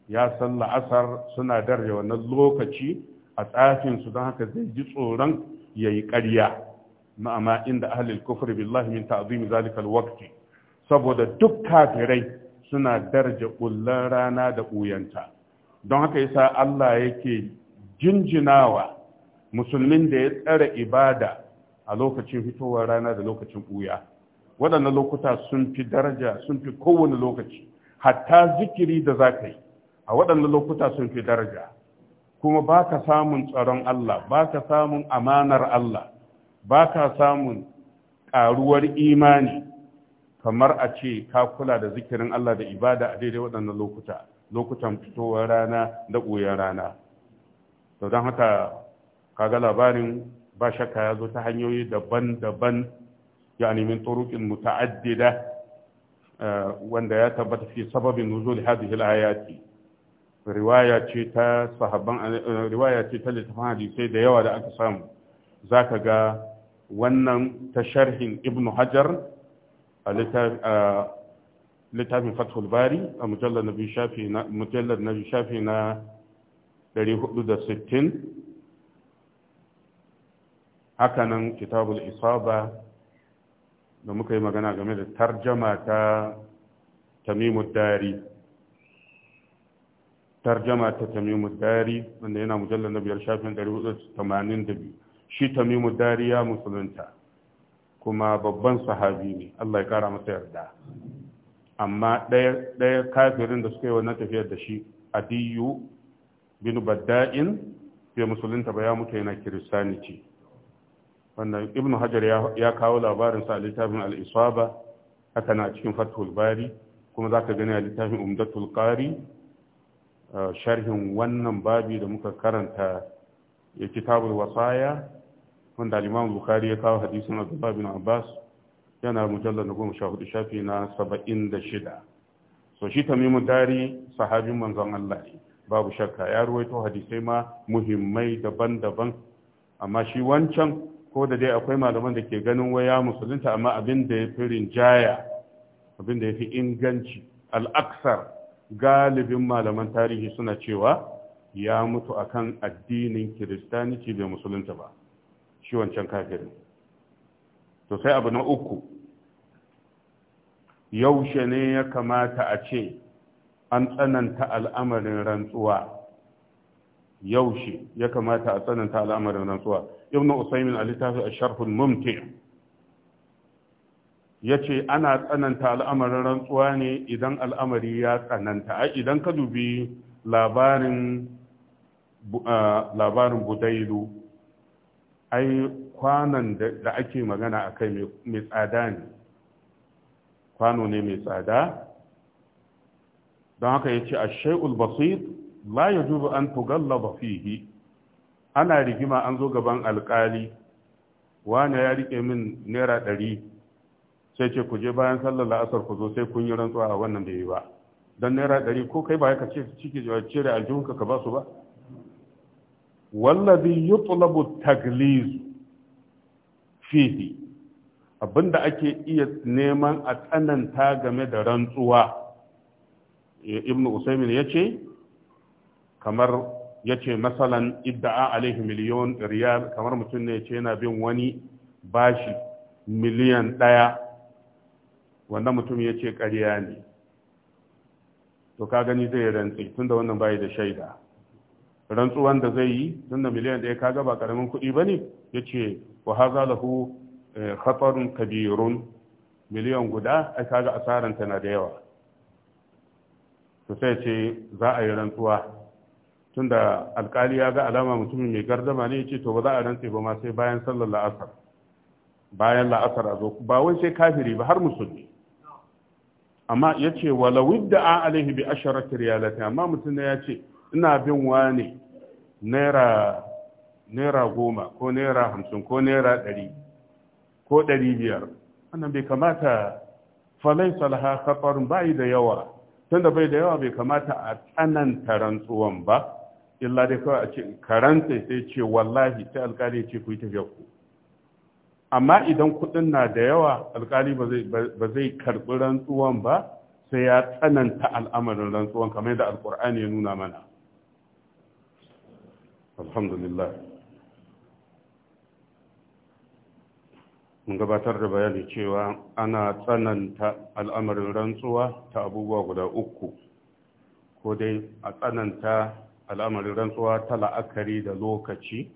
S1: ya san la'asar suna darje wannan lokaci a tsafin su don haka zai ji tsoron yayi ƙarya ma'ama inda ahlul kufri billahi min ta'zim zalikal waqti saboda duk kafirai suna darje ƙullar rana da ɓuyanta don haka yasa Allah yake jinjinawa musulmin da ya tsare ibada a lokacin fitowar rana da lokacin buya waɗannan lokuta sun fi daraja sun fi kowane lokaci hatta zikiri da za ka yi a waɗannan lokuta sun fi daraja kuma ba ka samun tsaron Allah ba ka samun amanar Allah ba ka samun ƙaruwar imani kamar a ce ka kula da zikirin Allah da ibada a daidai waɗannan lokuta lokutan fitowar rana da ɓoyar rana to don haka kaga labarin ba shakka ya zo ta hanyoyi daban-daban ya nemin turukin muta'addida eh, wanda ya tabbata fi sababin nuzul hadhihi al-ayati riwaya ce ta sahabban eh, riwaya ce ta littafin hadisai da yawa da aka samu zaka ga wannan ta sharhin ibnu hajar a eh, littafin fathul bari a mujallar na biyu shafi na mujallar na shafi na 460 haka nan kitabul isaba da muka yi magana game da tarjama ta tamimud dari tarjama ta tamimud dari wanda yana mujallar na biyar shafin 482 shi tamimud dari ya musulunta kuma babban sahabi ne Allah ya kara masa yarda amma ɗaya kafirin da suka yi wannan tafiyar da shi adiyu bin badda'in bai musulunta ba ya mutu yana kiristaniti wannan ibn hajar ya kawo labarin sa a littafin al'isaba haka na cikin fathul bari kuma za ka gani a littafin umdatul qari sharhin wannan babi da muka karanta ya kitabul wasaya wanda al bukari ya kawo hadisin abu babin abbas yana mujallar na goma sha shafi na saba'in da shida so shi tamimu dari sahabin manzon Allah ne babu shakka ya ruwaito hadisai ma muhimmai daban-daban amma shi wancan ko da dai akwai malaman da ke ganin waya musulunta amma abin da ya fi rinjaya abin da ya fi inganci al'aksar galibin malaman tarihi suna cewa ya mutu akan addinin kiristaniki bai musulunta ba shi wancan kafirin to abu na uku yaushe ne ya kamata a ce an tsananta al'amarin rantsuwa yaushe ya kamata a tsananta al'amarin rantsuwa ibn usaimin a littafi a sharhul mumti ya ce ana tsananta al'amarin rantsuwa ne idan al'amari ya tsananta a idan ka dubi labarin labarin budailu ai kwanan da ake magana a kai mai tsada ne kwano ne mai tsada don haka ya ce a shai'ul basit la ya jubu an tugallaba fihi ana rigima an zo gaban alkali wane ya rike min naira ɗari sai ce ku je bayan sallar la'asar ku zo sai kun yi rantsuwa a wannan bai yi ba don naira ɗari ko kai ba ka ce ciki cire aljihunka ka ba su ba wallazi yutlabu tagliz fihi abin da ake iya neman a tsananta game da rantsuwa eh, ibn usaimin ya ce kamar ya ce masalan idda'a alaihi miliyon riyal kamar mutum ne ya ce yana bin wani bashi miliyan daya wanda mutum ya ce ƙarya ne to ka gani zai rantsi tunda wannan bayi da shaida rantsuwan da zai yi tunda miliyan daya kaga ba karamin kuɗi ba ne ya ce wa haza lahu Eh, khatarun kabirun miliyan guda a kaga asaran na da yawa to sai ce za a yi rantsuwa tunda alkali ya ga alama mutumin mai gardama ne yace to ba za a rantse ba ma sai bayan sallar la'asar bayan la'asar a zo ba wai sai kafiri ba har musulmi amma yace walau da alaihi bi asharati riyalati amma mutum ne yace ina bin wani naira naira goma ko naira hamsin ko naira ɗari ko ɗari biyar wannan bai kamata falai salaha kafarun bai da yawa Tun da bai da yawa bai kamata a tsananta rantsuwan ba illa dai kawai a ce karanta sai ce wallahi sai alkali ce ku yi tafiya ku amma idan kuɗin na da yawa alkali ba zai karɓi rantsuwan ba sai ya tsananta al'amarin rantsuwan kamar yadda alkur'ani ya nuna mana alhamdulillah mun gabatar da bayani cewa ana tsananta al'amarin rantsuwa ta abubuwa guda uku ko dai a tsananta al'amarin rantsuwa ta la'akari da lokaci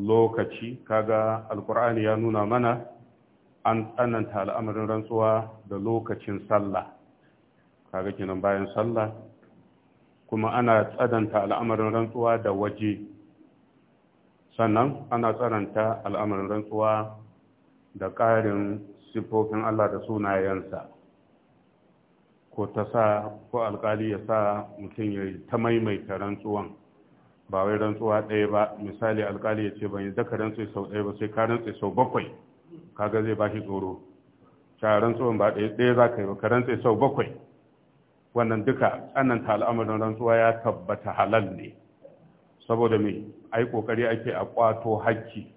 S1: lokaci kaga alkur'ani ya nuna mana an tsananta al'amarin rantsuwa da lokacin sallah kaga kinan bayan sallah kuma ana tsananta al'amarin rantsuwa da waje sannan ana tsananta al'amarin rantsuwa da ƙarin sifofin Allah da sunayensa ko ta sa ko alkali ya sa mutum ya ta maimaita rantsuwan ba wai rantsuwa ɗaya ba misali alkali ya ce ban yi daka rantsu sau ɗaya ba sai ka rantsu sau bakwai kaga zai ba shi tsoro ta rantsuwan ba ɗaya za ka yi ba ka rantsu sau bakwai wannan duka tsananta al'amarin rantsuwa ya tabbata halal ne saboda mai ai kokari ake a kwato hakki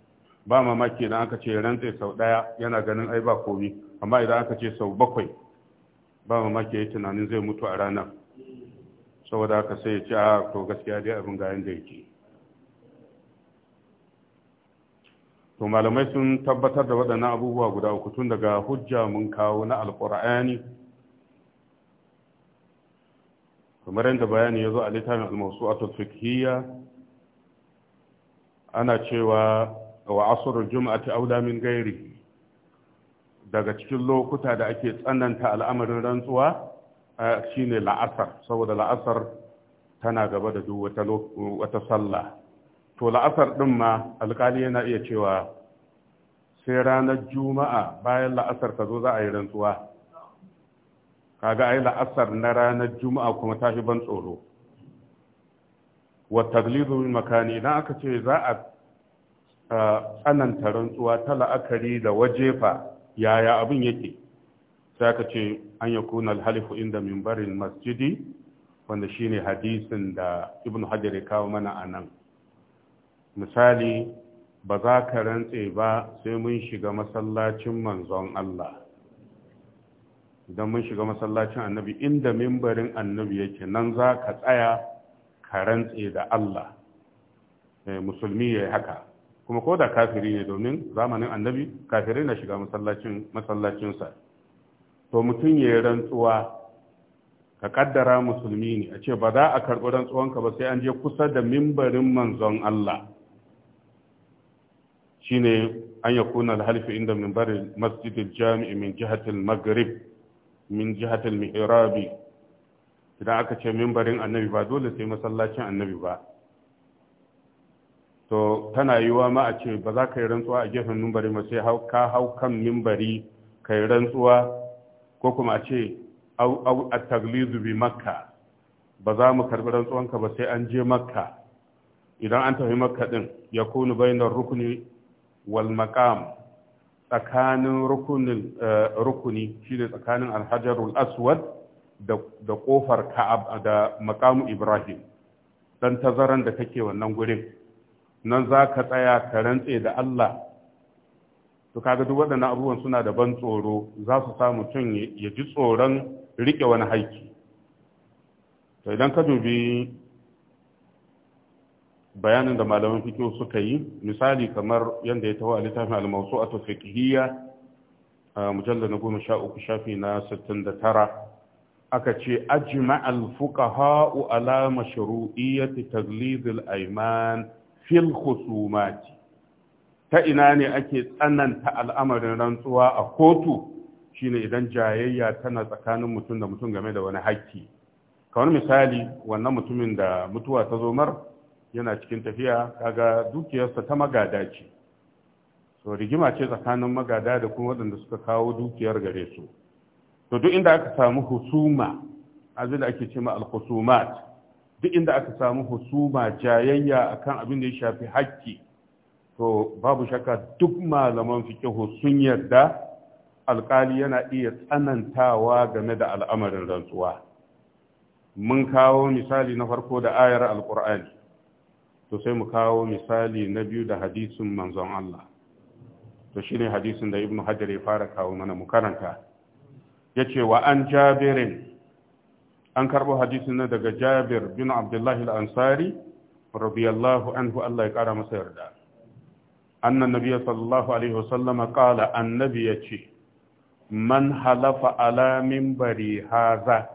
S1: ba mamaki idan aka ce rantse sau ɗaya yana ganin ai ba komi amma idan aka ce sau bakwai ba mamaki ya yi tunanin zai mutu a ranar saboda aka sai ya ce a ah, to gaskiya dai abin gayan da yake to malamai sun tabbatar da waɗannan abubuwa guda uku tun daga hujja mun kawo na alƙur'ani kamar yadda bayani ya zo a littafin almasu a ana cewa wa asrul jum'ati awla min gairi daga cikin lokuta da ake tsananta al'amarin rantsuwa shine la'asar saboda la'asar tana gaba da duk wata sallah to la'asar din ma alkali yana iya cewa sai ranar juma'a bayan la'asar ka zo za a yi rantsuwa kaga ai la'asar na ranar juma'a kuma ta ban tsoro wa taglidu min makani idan aka ce za a tsananta rantsuwa ta la'akari da wajefa yaya abin yake sai ka ce an ya kuna alhalifu inda mimbarin masjidi wanda shi ne hadisin da ibn hajar ya kawo mana a nan misali ba za ka rantse ba sai mun shiga masallacin manzon Allah idan mun shiga masallacin annabi inda mimbarin annabi yake nan za ka tsaya ka rantse da Allah eh, musulmi ya yi haka kuma ko da kafiri ne domin zamanin annabi kafirai na shiga masallacinsa to mutum ya yi rantsuwa ka kaddara musulmi ne a ce ba za a karɓi rantsuwanka ba sai an je kusa da mimbarin manzon Allah shine an ya kuna alhalfi inda mimbarin masjidil jami'i min jihatil maghrib min jihatil mihrabi idan aka ce mimbarin annabi ba dole sai masallacin annabi ba to tana yiwa ma a ce ba za ka yi rantsuwa a gefen mimbari ba sai ka hau kan mimbari ka yi rantsuwa ko kuma a ce au a taglizu bi makka ba za mu karbi rantsuwanka ba sai an je makka idan an tafi makka ɗin, ya kunu bainar rukuni wal maqam tsakanin rukunin eh, rukuni shine tsakanin alhajarul aswad da kofar ka'ab da makamu ibrahim dan tazaran da kake wannan gurin nan za ka tsaya ka rantse da Allah to kaga duk waɗannan abubuwan suna da ban tsoro za su sa mutum ya ji tsoron riƙe wani haiki to idan ka dubi bayanin da malaman fikiyo suka yi misali kamar yadda ya taho a littafin almasu a tafiƙiyya a mujallar na goma sha uku shafi na sittin da tara aka ce ajima'al alfuka ha'u ala mashru'iyyati taglizil aiman fil khusumati ta ina ne ake tsananta al'amarin rantsuwa a kotu shine idan jayayya tana tsakanin mutum da mutum game da wani haƙƙi kamar misali wannan mutumin da mutuwa ta zo mar yana cikin tafiya kaga dukiyarsa ta magada ce to rigima ce tsakanin magada da kuma waɗanda suka kawo dukiyar gare su to duk inda aka samu husuma abin da ake ce ma al-husumat duk inda aka samu husuma jayayya akan abin da ya shafi haƙƙi to babu shakka duk malaman fikihu sun yarda alƙali yana iya tsanantawa game da al'amarin rantsuwa mun kawo misali na farko da ayar alƙur'ani to sai mu kawo misali na biyu da hadisin manzon Allah to shine hadisin da ibnu hajar ya fara kawo mana mu karanta yace wa an jabirin an karɓo hadisin na daga jabir bin abdullahi al-ansari radiyallahu anhu Allah ya ƙara masa yarda annan nabiya sallallahu alaihi wasallama qala annabi ce, man halafa ala mimbari haza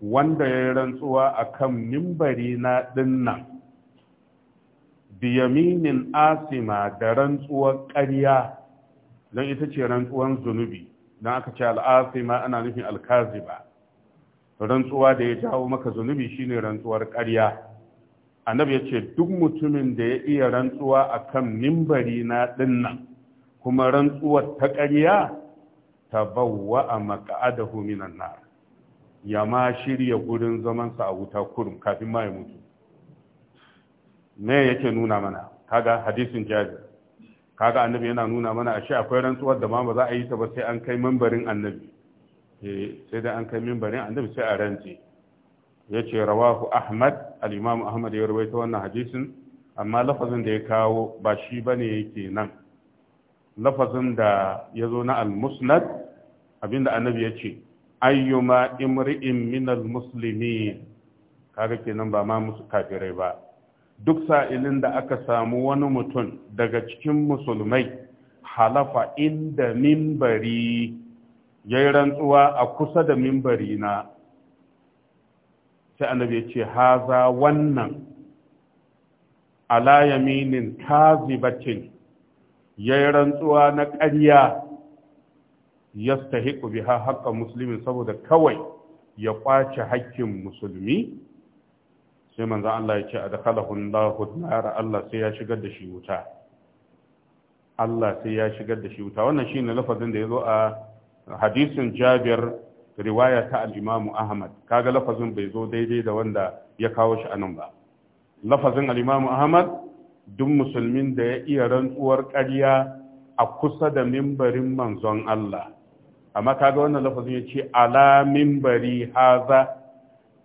S1: wanda ya rantsuwa akan mimbari na dinnan biyaminin asima da rantsuwar ƙarya don ita ce rantsuwar zunubi don aka ce al'asima ana nufin alkaziba rantsuwa da ya jawo maka zunubi shine rantsuwar ƙarya annabi ya ce duk mutumin da ya iya rantsuwa a kan mimbari na dinnan kuma rantsuwar ta ƙarya ta bawa a maka'adahu minan nar ya ma shirya gurin zamansa a wuta kurum kafin ma ya mutu me yake nuna mana kaga hadisin jabir kaga annabi yana nuna mana ashe akwai rantsuwar da ma ba za a yi ta ba sai an kai mambarin annabi Eh, sai da an kai mimbarin annabi sai a rantse
S2: ya ce rawahu ahmad al-imam ahmad ya rawaita wannan hadisin
S1: amma lafazin da ya kawo ba shi bane yake nan lafazin da ya zo na al-musnad abinda annabi ya ce ayyuma imri'in min al muslimi kaga kenan ba ma musu kafirai ba duk sa'ilin da aka samu wani mutum daga cikin musulmai halafa inda mimbari ya yi rantsuwa a kusa da mimbari na sai annabi ya ce haza wannan ala yaminin kazibacin ya yi rantsuwa na ƙarya ya stahiku biha haƙƙa musulmi saboda kawai ya ƙwace haƙƙin musulmi sai manzan Allah ya ce a da kalahun yara. Allah sai ya shigar da shi wuta Allah sai ya shigar da shi wuta wannan shi ne lafazin da ya zo a hadisin jabir riwaya ta al-imam ahmad kaga lafazin bai zo daidai da wanda ya kawo shi anan ba lafazin al ahmad duk musulmin da ya iya rantsuwar ƙarya a kusa da mimbarin manzon Allah amma kaga wannan lafazin ya ce ala mimbari haza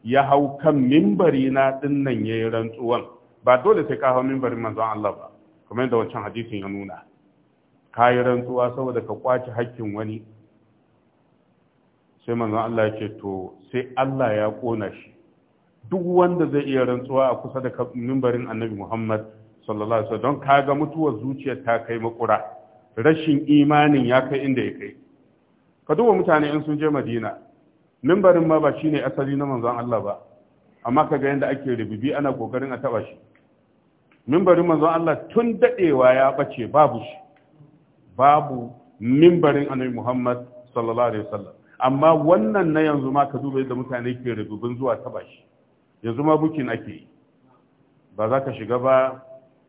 S1: ya hau kan mimbari na dinnan yayin rantsuwan ba dole sai ka hau mimbarin manzon Allah ba kamar yadda wancan hadisin ya nuna Ka yi rantsuwa saboda ka kwace hakkin wani sai manzon Allah ya ce to sai Allah ya kona shi duk wanda zai iya rantsuwa a kusa da mimbarin annabi Muhammad sallallahu alaihi wasallam don kaga mutuwar zuciyar ta kai makura rashin imanin ya kai inda ya kai ka duba mutane in sun je Madina mimbarin ma ba shine asali na manzon Allah ba amma kaga yanda ake rububi ana kokarin a taba shi mimbarin manzon Allah tun dadewa ya bace babu shi babu mimbarin annabi Muhammad sallallahu alaihi wasallam amma wannan na yanzu ma ka duba yadda mutane ke rububin zuwa taba shi yanzu ma bukin ake yi ba za ka shiga ba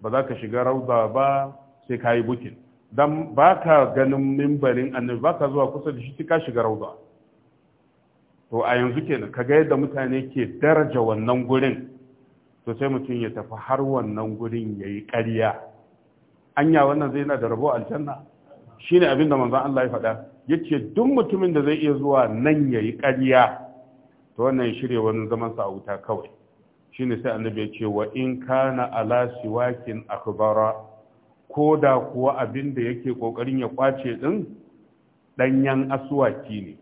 S1: ba za ka shiga rauda ba sai ka yi bukin dan ba ka ganin mimbarin annabi ba ka zuwa kusa da shi ka shiga rauda to a yanzu kenan ka ga yadda mutane ke daraja wannan gurin to sai mutum ya tafi har wannan gurin ya yi ƙarya anya wannan zai na da rabo aljanna shine abin da manzon Allah ya faɗa yace duk mutumin da zai iya zuwa nan yayi ƙarya to wannan shirye wani zaman sa a wuta kawai shine sai annabi ya ce wa in kana ala siwakin akbara ko da kuwa abin da yake kokarin ya kwace din danyen asuwaki ne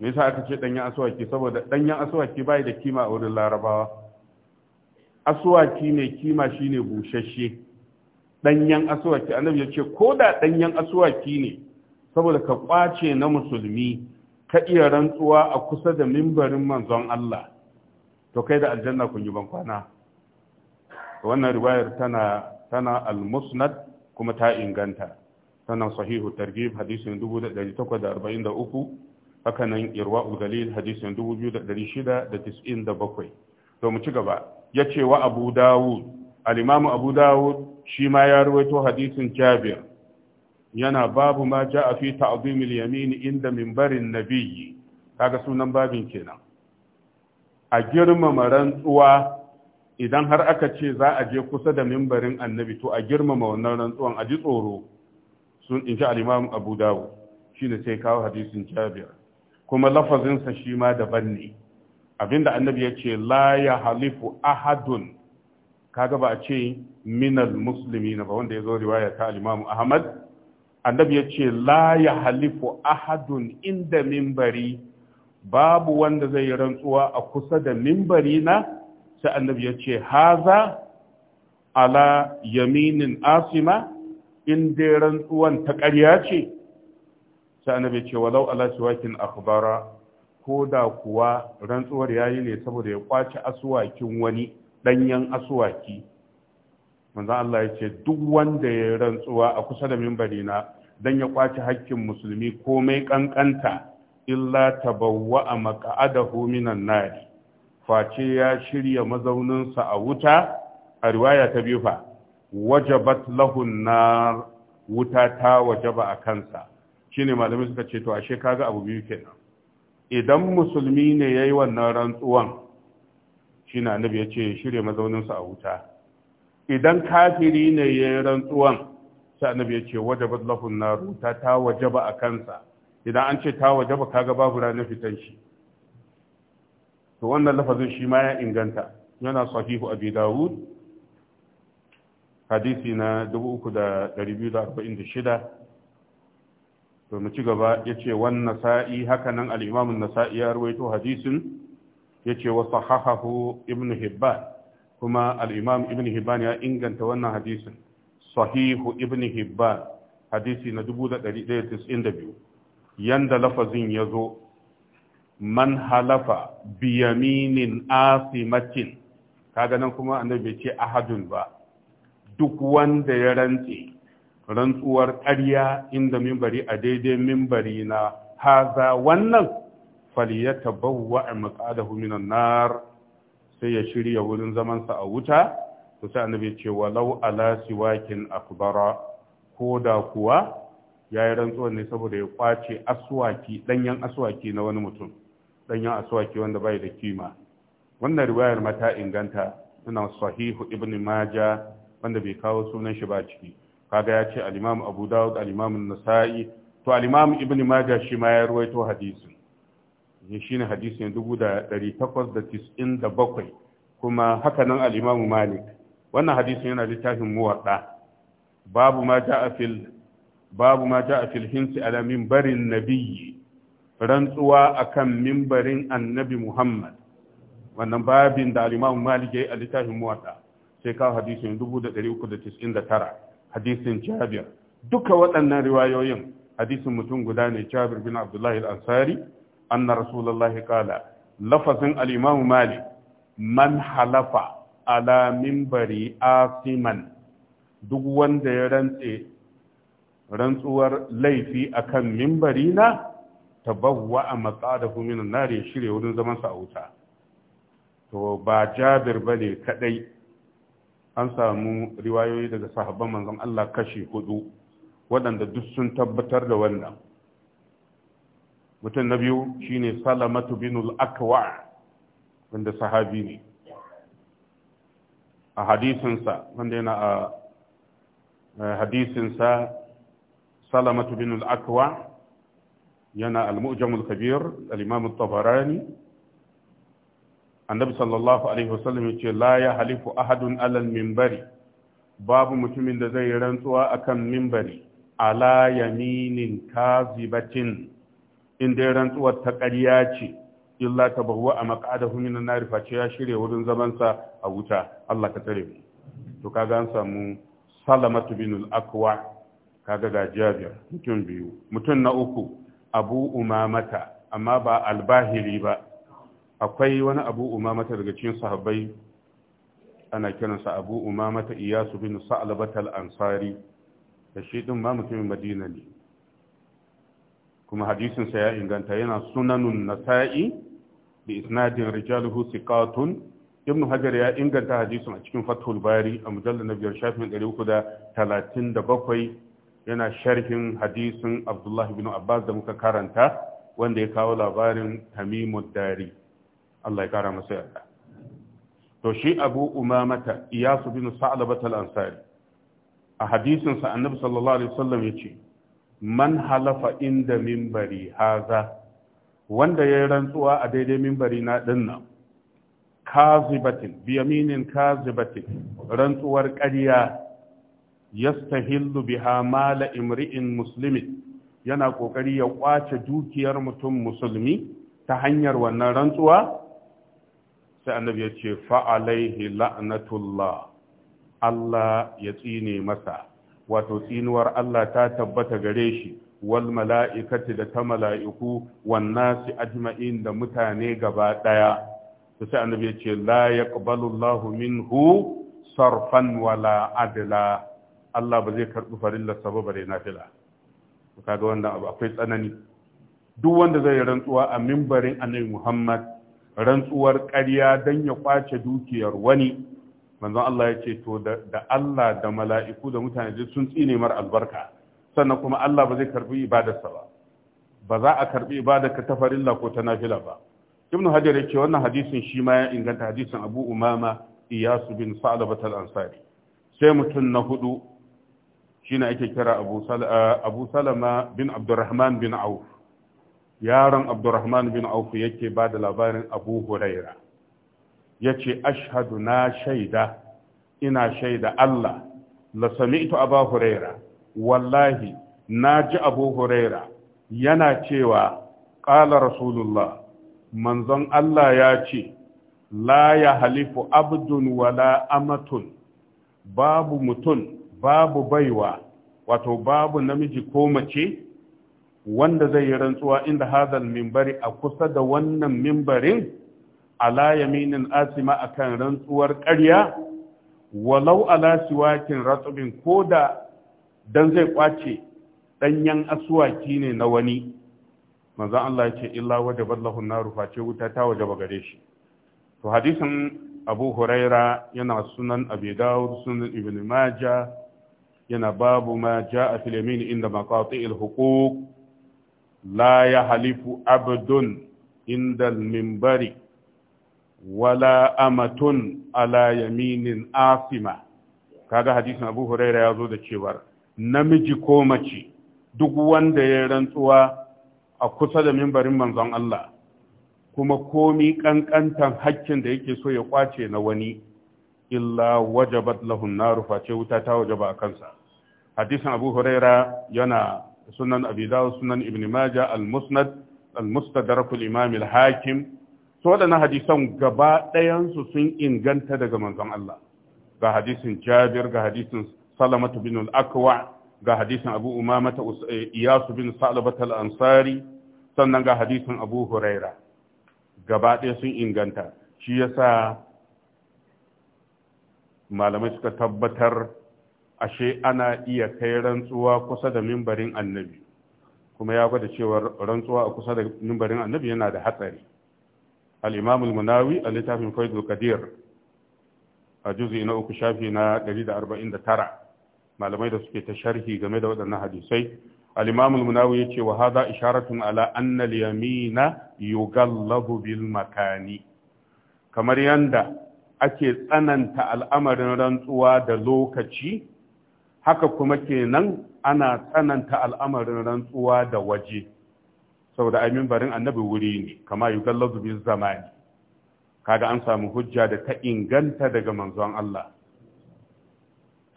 S1: me yasa aka ce danyen asuwaki saboda danyen asuwaki bai da kima a wurin larabawa asuwaki ne kima shine bushashe danyen asuwaki annabi ya ce ko da danyen asuwaki ne saboda ka kwace na musulmi ka iya rantsuwa a kusa da mimbarin manzon Allah to kai da aljanna kun yi bankwana wannan riwayar tana tana al-musnad kuma ta inganta sanan sahihu targhib hadisin 2843 haka nan irwaul galil hadisin 2697 to mu ci gaba yace wa abu dawud al-imam abu dawud shi ma ya ruwaito hadisin jabir yana babu ma ja a fi ta'zimil yamin inda minbarin nabiyyi kaga sunan babin kenan a girmama rantsuwa idan har aka ce za a je kusa da mimbarin annabi to a girmama wannan rantsuwan a ji tsoro sun inji al-imam Abu Dawud shine sai kawo hadisin Jabir kuma lafazinsa shi ma daban ne abinda annabi ya ce la ya halifu ahadun kaga ba a ce minal musulmi na ba wanda ya zo riwaya ta al Ahmad annabi ya ce la ya halifu ahadun inda mimbari babu wanda zai yi rantsuwa a kusa da mimbari na sai annabi ya ce haza ala yaminin asima in dai rantsuwan ta ƙarya ce sai annabi ce walau ala siwakin akhbara ko da kuwa rantsuwar yayi ne saboda ya kwaci asuwakin wani danyen asuwaki manzo Allah ya duk wanda ya rantsuwa a kusa da mimbari na dan ya kwaci hakkin musulmi komai kankanta illa tabawwa maq'adahu minan nar face ya shirya mazauninsa a wuta a riwaya ta biyu fa wajabat lahun nar wuta ta wajaba a kansa shine malamai suka ce to ashe kaga abu biyu kenan idan musulmi ne yayi wannan rantsuwan shine annabi ya ce shirya mazauninsa a wuta idan kafiri ne ya yi rantsuwan sai annabi ya ce wajaba lahun nar ta ta wajaba a kansa idan an ce ta wajaba kaga babu ranar fitan shi to wannan lafazin shi ma ya inganta yana sahihu abi dawud hadisi na 3246 to mu ci gaba yace wannan sa'i hakanan al-imam an-nasa'i ya rawaito hadisin yace wa sahahahu ibnu hibban kuma alimam ibn hibban ya inganta wannan hadisin sahihu ibn hibban hadisi na 1192 yanda lafazin ya zo man halafa biyaminin asimatin kaga kuma annabi bai ce ahadun ba duk wanda ya rantse rantsuwar ƙarya inda mimbari a daidai mimbari na haza wannan falyatabawwa maqadahu minan nar sai ya shirya wurin zamansa a wuta to sai annabi ce walau ala siwakin akbara ko da kuwa ya yi rantsuwar ne saboda ya kwace aswaki danyen aswaki na wani mutum danyen aswaki wanda bai da kima wannan riwayar mata inganta tana sahihu ibn maja wanda bai kawo sunan shi ba ciki kaga ya ce al-imam abu dawud al-imam nasa'i to al-imam ibn maja shi ma ya ruwaito hadisin shine hadisin dubu da da takwas 1897 kuma haka nan al-Imam Malik wannan hadisin yana littafin muwadda babu ma ja'a fil babu ma ja'a fil hinsi ala minbarin nabiyyi rantsuwa akan mimbarin annabi Muhammad wannan babin da Alimamu Malik ya yi a littafin muwadda sai kawo hadisin dubu da da da uku tis'in tara. hadisin Jabir duka waɗannan riwayoyin hadisin mutum guda ne Jabir bin Abdullahi al-Ansari anna rasulullahi qala lafazin Lafasin imam malik man halafa ala minbari asiman duk wanda ya rantse rantsuwar laifi akan minbari na tabawwa a matsadahu minan nari ya shirya wurin zaman sa a wuta to ba jabir ne kadai an samu riwayoyi daga sahabban manzon Allah kashe huɗu waɗanda duk sun tabbatar da wannan mutum na biyu shine salamatu bin al-akwa wanda sahabi ne a hadisinsa wanda yana a hadisinsa salamatu bin al-akwa yana al-mu'jam kabir al-imam tabarani annabi sallallahu alaihi wasallam ce la ya halifu ahadun alal minbari babu mutumin da zai rantsuwa akan minbari ala yaminin kazibatin in dai rantsuwar ta ƙarya ce illa ta bahuwa a maƙadahu minan nari face ya shirya wurin zamansa a wuta Allah ka tsare mu to kaga an samu salamatu bin al-aqwa kaga ga jabir mutum biyu mutum na uku abu umamata amma ba albahiri ba akwai wani abu umamata daga cikin sahabbai ana kiransa abu umamata iyasu bin sa'labatal ansari da shi din ma mutumin madina ne kuma hadisinsa ya inganta yana sunanun nasa'i da isnadin rijaluhu siqatun ibnu hajar ya inganta hadisin a cikin fathul bari a mujallar na biyar shafin bakwai. yana sharhin hadisin abdullahi bin abbas da muka karanta wanda ya kawo labarin tamimud dari Allah ya kara masa yarda to shi abu umamata iyasu bin sa'labat ansari a hadisinsa annabi sallallahu alaihi wasallam yace man halafa inda mimbari haza wanda ya yi rantsuwa a daidai mimbari na dinnan kazibatin biyaminin kazibatin rantsuwar ƙarya yastahillu biha mala imri'in muslimin yana ƙoƙari ya ƙwace dukiyar mutum musulmi ta hanyar wannan rantsuwa sai annabi ya ce fa'alaihi la'natullah Allah ya tsine masa wato tsinuwar Allah ta tabbata gare shi wal mala'ikati da ta mala'iku wan su ajma'in da mutane gaba daya to sai annabi ya ce la yaqbalu Allahu hu, sarfan wala adla Allah ba zai karbi farin sa ba bare nafila to kaga wannan abu akwai tsanani duk wanda zai rantsuwa a mimbarin annabi Muhammad rantsuwar ƙarya dan ya kwace dukiyar wani manzon Allah ya ce to da Allah da mala'iku da mutane sun tsine mar albarka sannan kuma Allah ba zai karbi ibadarsa ba ba za a karbi ibadar ka ta farilla ko ta nafila ba ibn hajar ya ce wannan hadisin shi ma ya inganta hadisin abu umama iyasu bin sa'labat al-ansari sai mutum na hudu shine ake kira eh, abu salama bin abdurrahman bin auf yaron abdurrahman bin auf yake ba da labarin abu huraira Ya ce, ashhadu na shaida ina shaida Allah la sami ito abu huraira wallahi na ji abu huraira yana cewa ƙala rasulullah manzon Allah ya ce la ya halifu abdun wala amatun babu mutum babu baiwa wato babu namiji ko mace wanda zai yi rantsuwa inda hadal mimbari a kusa da wannan mimbarin ala yaminin asima akan rantsuwar ƙarya walau ala siwakin ratubin ko da dan zai kwace danyen asuwaki ne na wani manzo Allah ya ce illa waje, Balla naru face wuta ta wajaba gare shi to hadisin Abu Huraira yana sunan Abi Dawud sunan Ibn Majah yana babu ma ja'a fil yamin inda maqati'il huquq la yahlifu abdun inda al-minbari wala amatun ala yaminin asima kaga hadisin abu huraira ya zo da cewar namiji ko mace duk wanda ya rantsuwa a kusa da mimbarin manzon Allah kuma komi kankantan hakkin da yake so ya kwace na wani illa wajabat lahun naru face wuta ta wajaba a kansa hadisin abu huraira yana sunan abi dawud sunan ibn majah al-musnad al-mustadrak al-imam al-hakim to waɗannan hadisan gaba ɗayansu sun inganta daga manzon Allah ga hadisin Jabir ga hadisin Salamatu bin al-Akwa ga hadisin Abu Umama ta eh, Iyasu bin Salabat al-Ansari sannan ga hadisin Abu Huraira gaba ɗaya sun inganta shi yasa malamai suka tabbatar ashe ana iya kai rantsuwa kusa da mimbarin annabi kuma ya gwada cewa rantsuwa a kusa da mimbarin annabi yana da hatsari al-imam al-munawi a littafin faidul qadir a juzi na uku shafi na tara. malamai da suke ta sharhi game da waɗannan hadisai al-imam al-munawi yace wa hadha isharatun ala anna al-yamina yughallabu bil makani kamar yanda ake tsananta al'amarin rantsuwa da lokaci haka kuma kenan ana tsananta al'amarin rantsuwa da waje saboda ai mimbarin annabi wuri ne kama yugallazu bi zamani kaga an samu hujja da ta inganta daga manzon Allah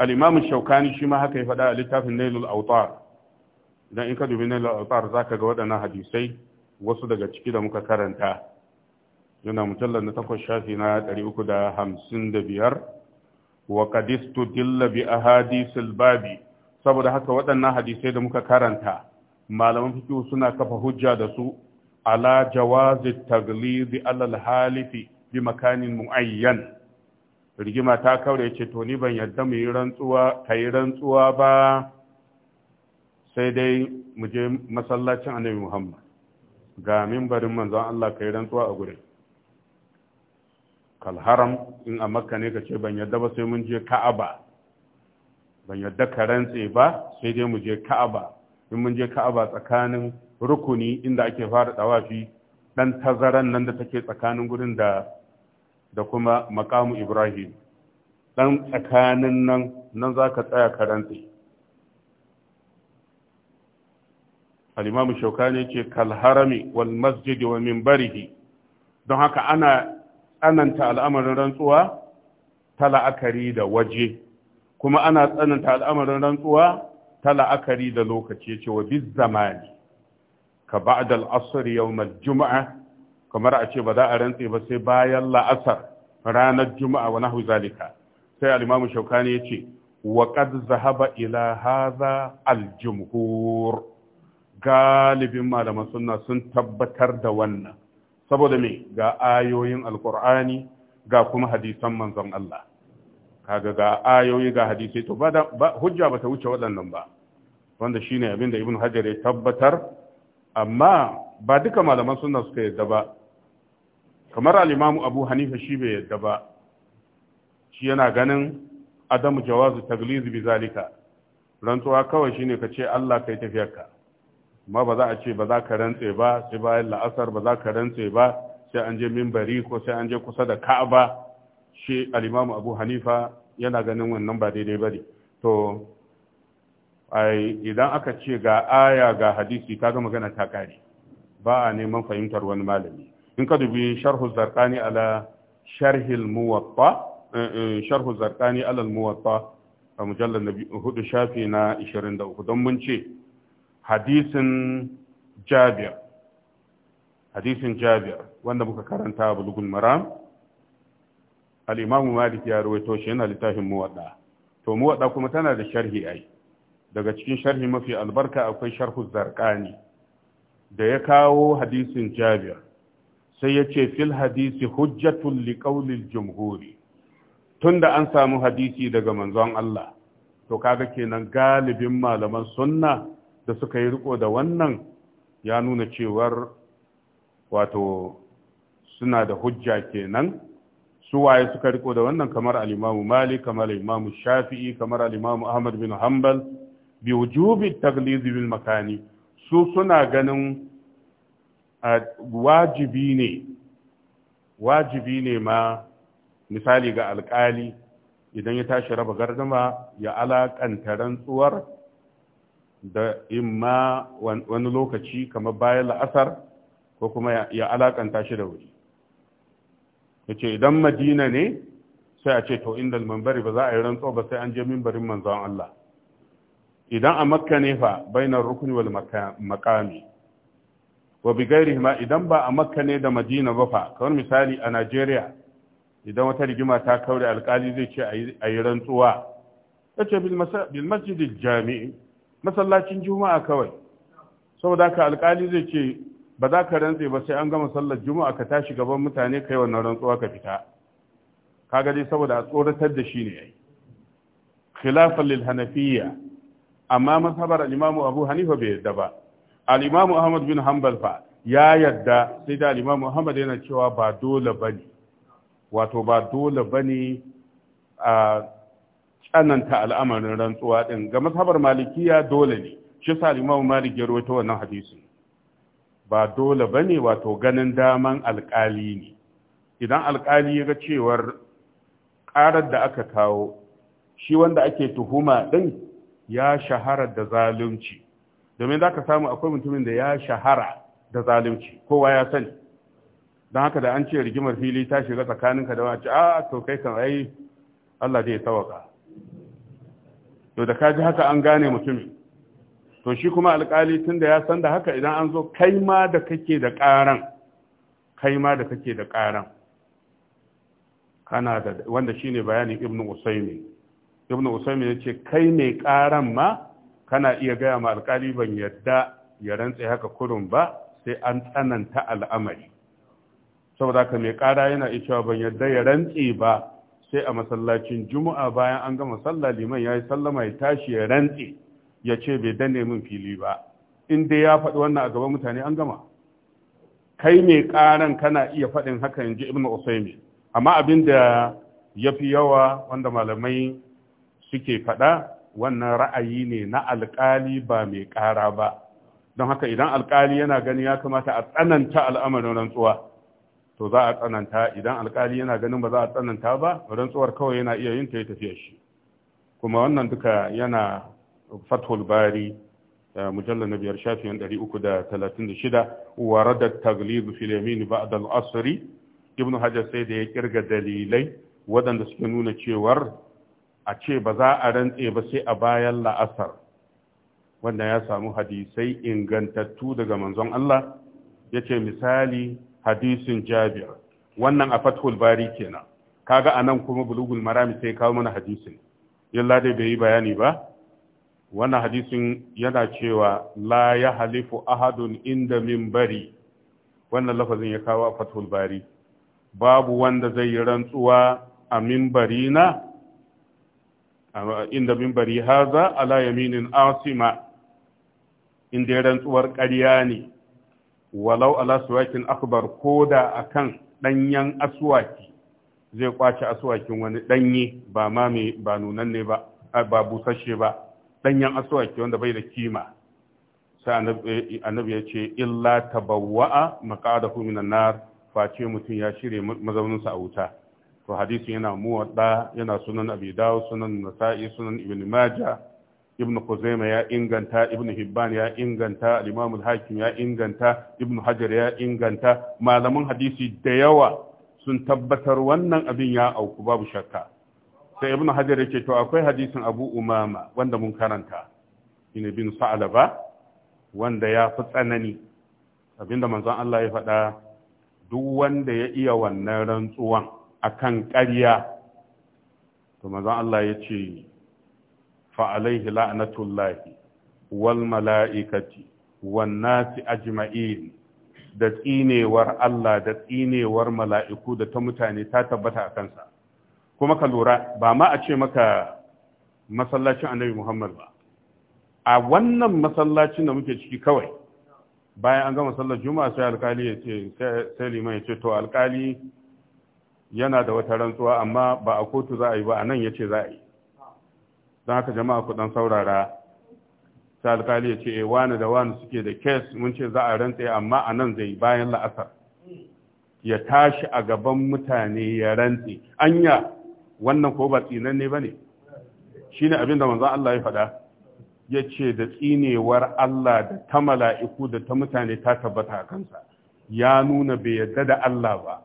S1: al-imam shaukani shi ma haka ya faɗa a littafin nailul autar idan in ka dubi nailul autar zaka ga waɗannan hadisai wasu daga ciki da muka karanta yana mujallar na takwas shafi na biyar wa qadistu dilla bi ahadisil babi saboda haka waɗannan hadisai da muka karanta malaman fiqh suna kafa hujja da su ala jawazi taglidi alal halifi bi makanin muayyan rigima ta kaure ce to ni ban yadda mu yi rantsuwa kai rantsuwa ba sai dai mu je masallacin annabi Muhammad ga mimbarin manzon Allah kai rantsuwa a gurin kal haram in a makka ne ka ce ban yadda ba sai mun je ka'aba ban yadda ka rantse ba sai dai mu je ka'aba in mun je ka'aba tsakanin rukuni inda ake fara tsawafi, dan tazaran nan da take tsakanin gurin da da kuma makamu ibrahim dan tsakanin nan nan zaka tsaya ka rantsi al-imam shaukani ce kal harami wal masjid wa minbarihi don haka ana tsananta al'amarin rantsuwa ta la'akari da waje kuma ana tsananta al'amarin rantsuwa ta la'akari da lokaci ya ce wa biz zamani ka da al'asr yau juma'a kamar a ce ba za a rantse ba sai bayan la'asar ranar juma'a wa nahu zalika sai Alimamu shaukani ya ce wa qad zahaba ila hadha al galibin malaman sunna sun tabbatar da wannan saboda me ga ayoyin alqur'ani ga kuma hadisan manzon Allah kaga ga ayoyi ga hadisi to ba hujja ba ta wuce waɗannan ba wanda shine abin da ibnu hajar ya tabbatar amma ba duka malaman sunna suka yadda ba kamar al-imamu abu hanifa shi bai yadda ba shi yana ganin adamu jawazu Taglizi, bi zalika rantsuwa kawai shine ka ce Allah kai tafiyarka amma ba za a ce ba za ka rantse ba sai bayan la'asar ba za ka rantse ba sai an je minbari ko sai an je kusa da ka'aba shi al-imamu abu hanifa yana ganin wannan ba daidai ba ne to idan aka ce ga aya ga hadisi kaga magana ta kare ba a neman fahimtar wani malami in ka dubi sharhu zarqani ala sharhil muwatta eh, eh, sharhu zarqani ala muwatta a mujallar na hudu shafi na 23 don mun ce hadisin jabir hadisin jabir wanda muka karanta a bulugul maram al’imam Maliki Malik ya rawaito shi yana littafin muwaɗa, to muwaɗa kuma tana da sharhi ai daga cikin sharhi mafi albarka akwai sharhu ne. da ya kawo hadisin Jabir sai ya ce fil hadisi hujjatun liqaulil jumhuri tunda an samu hadisi daga manzon Allah to kaga kenan galibin malaman sunna da suka yi riko da wannan ya nuna cewar wato suna da hujja kenan su waye suka riko da wannan kamar al-imamu malik kamar al-imamu shafi'i kamar al-imamu ahmad bin hanbal bi wujubi taglizi bil makani su suna ganin wajibi ne wajibi ne ma misali ga alkali idan ya tashi raba gardama ya alakanta rantsuwar da imma wani lokaci kamar bayan la'asar ko kuma ya alaƙanta shi da wuri ya ce idan madina ne sai a ce to inda mambari ba za a yi rantso ba sai an je mimbarin manzon Allah idan a makka ne fa bainar rukuni wal makami wa bi ma idan ba a makka ne da madina ba fa kamar misali a Najeriya idan wata rigima ta kaure alkali zai ce a yi rantsuwa ya ce bil masjidil jami'i masallacin juma'a kawai saboda haka alkali zai ce ba za ka rantse ba sai an gama sallar juma'a ka tashi gaban mutane kai wannan rantsuwa ka fita kaga dai saboda a tsoratar da shi ne yayi khilafan lil hanafiyya amma mas'abar al-imam abu hanifa bai yarda ba al-imam ahmad bin hanbal fa ya yarda sai da al-imam muhammad yana cewa ba dole bane wato ba dole bane a tsananta al'amarin rantsuwa din ga masabar malikiya dole ne shi sa al-imam malik ya rawaito wannan hadisin ba dole ba ne wato ganin daman alƙali ne idan alƙali ya ga cewar ƙarar da aka kawo shi wanda ake tuhuma ɗin ya shahara da zalunci domin za ka samu akwai mutumin da ya shahara da zalunci kowa ya sani don haka da an ce rigimar fili ta shiga tsakaninka da wace a ah, to kai kan ai Allah zai sawaka to da ka ji haka an gane mutumin to shi kuma alkali tun da ya san da haka idan an zo kai ma da kake da ƙaran kai ma da kake da ƙaran kana da wanda shine bayanin ibnu usaymi ibnu usaymi ya ce kai mai ƙaran ma kana iya gaya ma alkali ban yadda ya rantse haka kurun ba sai an tsananta al'amari saboda ka mai ƙara yana cewa ban yadda ya rantse ba sai a masallacin juma'a bayan an gama sallah liman ya yi sallama ya tashi ya rantse ya ce bai danne min fili ba in dai ya faɗi wannan a gaban mutane an gama kai mai ƙaran kana iya faɗin haka in ji ibn usaimi amma abin da ya fi yawa wanda malamai suke faɗa wannan ra'ayi ne na alƙali ba mai ƙara ba don haka idan alƙali yana gani ya kamata a tsananta al'amarin rantsuwa to za a tsananta idan alƙali yana ganin ba za a tsananta ba rantsuwar kawai yana iya yin ta ya tafiya shi kuma wannan duka yana fathul bari eh, mujallar na biyar shafiyan 336 wa radar Ba' ba da al'asari ibn hajar sai da ya kirga dalilai waɗanda suke nuna cewar a ce ba za a rantse ba sai a bayan la'asar wanda ya samu hadisai ingantattu daga manzon Allah ya ce misali hadisin jabir wannan a fathul bari kenan kaga anan kuma bulugul marami sai kawo mana hadisin yalla dai bai yi bayani ba wannan hadisin yana cewa la ya halifu ahadun inda min bari wannan lafazin ya kawo a fatul bari babu wanda zai yi rantsuwa a bari na inda bari haza ala yaminin asima inda ya rantsuwar ƙarya ne walau ala suwakin akbar ko da akan ɗanyen asuwaki zai kwace asuwakin wani ɗanye ba ma mai ba nunan ba ba busasshe ba danyen aswaki wanda bai da kima sai eh, annabi ya ce illa tabawwa'a maqadahu minan nar face mutum ya shirye mazauninsa a wuta to hadisin yana muwadda yana sunan abi dawo sunan nasa'i sunan ibn maja ibn Kuzaima ya inganta ibn Hibban ya inganta al-Imam al-Hakim ya inganta ibn Hajar ya inganta malaman hadisi da yawa sun tabbatar wannan abin ya auku babu shakka sai ibn hajar yake to akwai hadisin abu umama wanda mun karanta shine bin ba wanda ya fi tsanani abinda manzon Allah ya faɗa duk wanda ya iya wannan rantsuwan akan ƙarya to manzon Allah ya ce fa alaihi la'natullahi wal mala'ikati wan nasi ajma'in da tsinewar Allah da tsinewar mala'iku da ta mutane ta tabbata a kansa kuma ka lura ba ma a ce maka masallacin annabi Muhammad ba a wannan masallacin da muke ciki kawai bayan an gama sallar juma'a sai alkali ya ce sai liman ya ce to alkali yana da wata rantsuwa amma ba a kotu za a yi ba a nan ya ce za a yi don haka jama'a ku saurara sai alkali ya ce e eh, wani da wani suke da kes mun ce za a rantse amma a nan zai bayan la'asar ya tashi a gaban mutane ya rantse anya wannan ko ba tsinan ne bane shine abin da manzo Allah ya faɗa yace da tsinewar Allah da ta mala'iku da ta mutane ta tabbata a kansa ya nuna bai yarda da Allah ba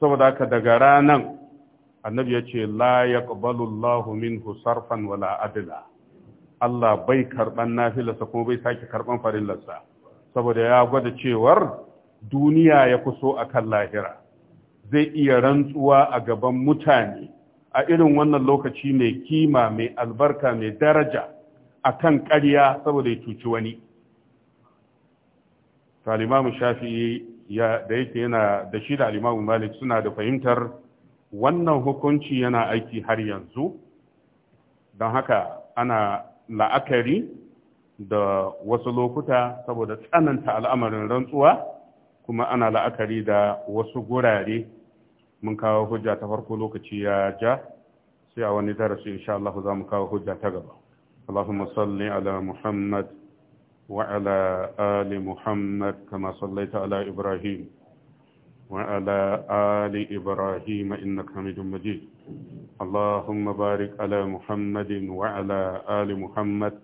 S1: saboda haka daga ranan annabi ya ce la yaqbalu Allahu minhu sarfan wala adla Allah bai karban nafilarsa kuma bai sake karban farillarsa saboda ya gwada cewar duniya ya kuso kan lahira zai iya rantsuwa a gaban mutane a irin wannan lokaci mai kima mai albarka mai daraja a kan ƙarya saboda ya cuci wani talimamu shafi'i da yake yana da shi da alimamu malik suna da fahimtar wannan hukunci yana aiki har yanzu don haka ana la'akari da wasu lokuta saboda tsananta al'amarin rantsuwa kuma ana la'akari da wasu gurare mun kawo hujja ta farko lokaci ya ja sai a wani darasi insha Allah za mu kawo hujja ta gaba Allahumma salli ala Muhammad wa ala ali Muhammad kama sallaita ala Ibrahim wa ala ali Ibrahim innaka Hamidum Majid اللهم بارك على محمد وعلى آل محمد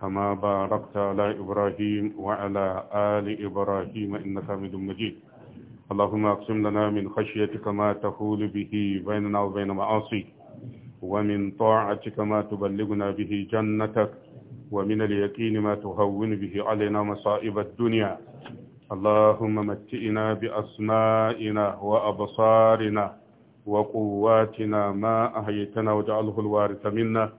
S1: كما باركت على إبراهيم وعلى آل إبراهيم إنك حميد مجيد اللهم اقسم لنا من خشيتك ما تحول به بيننا وبين معاصيك ومن طاعتك ما تبلغنا به جنتك ومن اليقين ما تهون به علينا مصائب الدنيا اللهم متئنا بأسمائنا وأبصارنا وقواتنا ما أهيتنا وجعله الوارث منا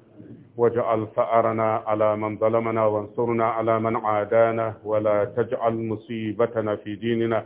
S1: واجعل فأرنا على من ظلمنا وانصرنا على من عادانا ولا تجعل مصيبتنا في ديننا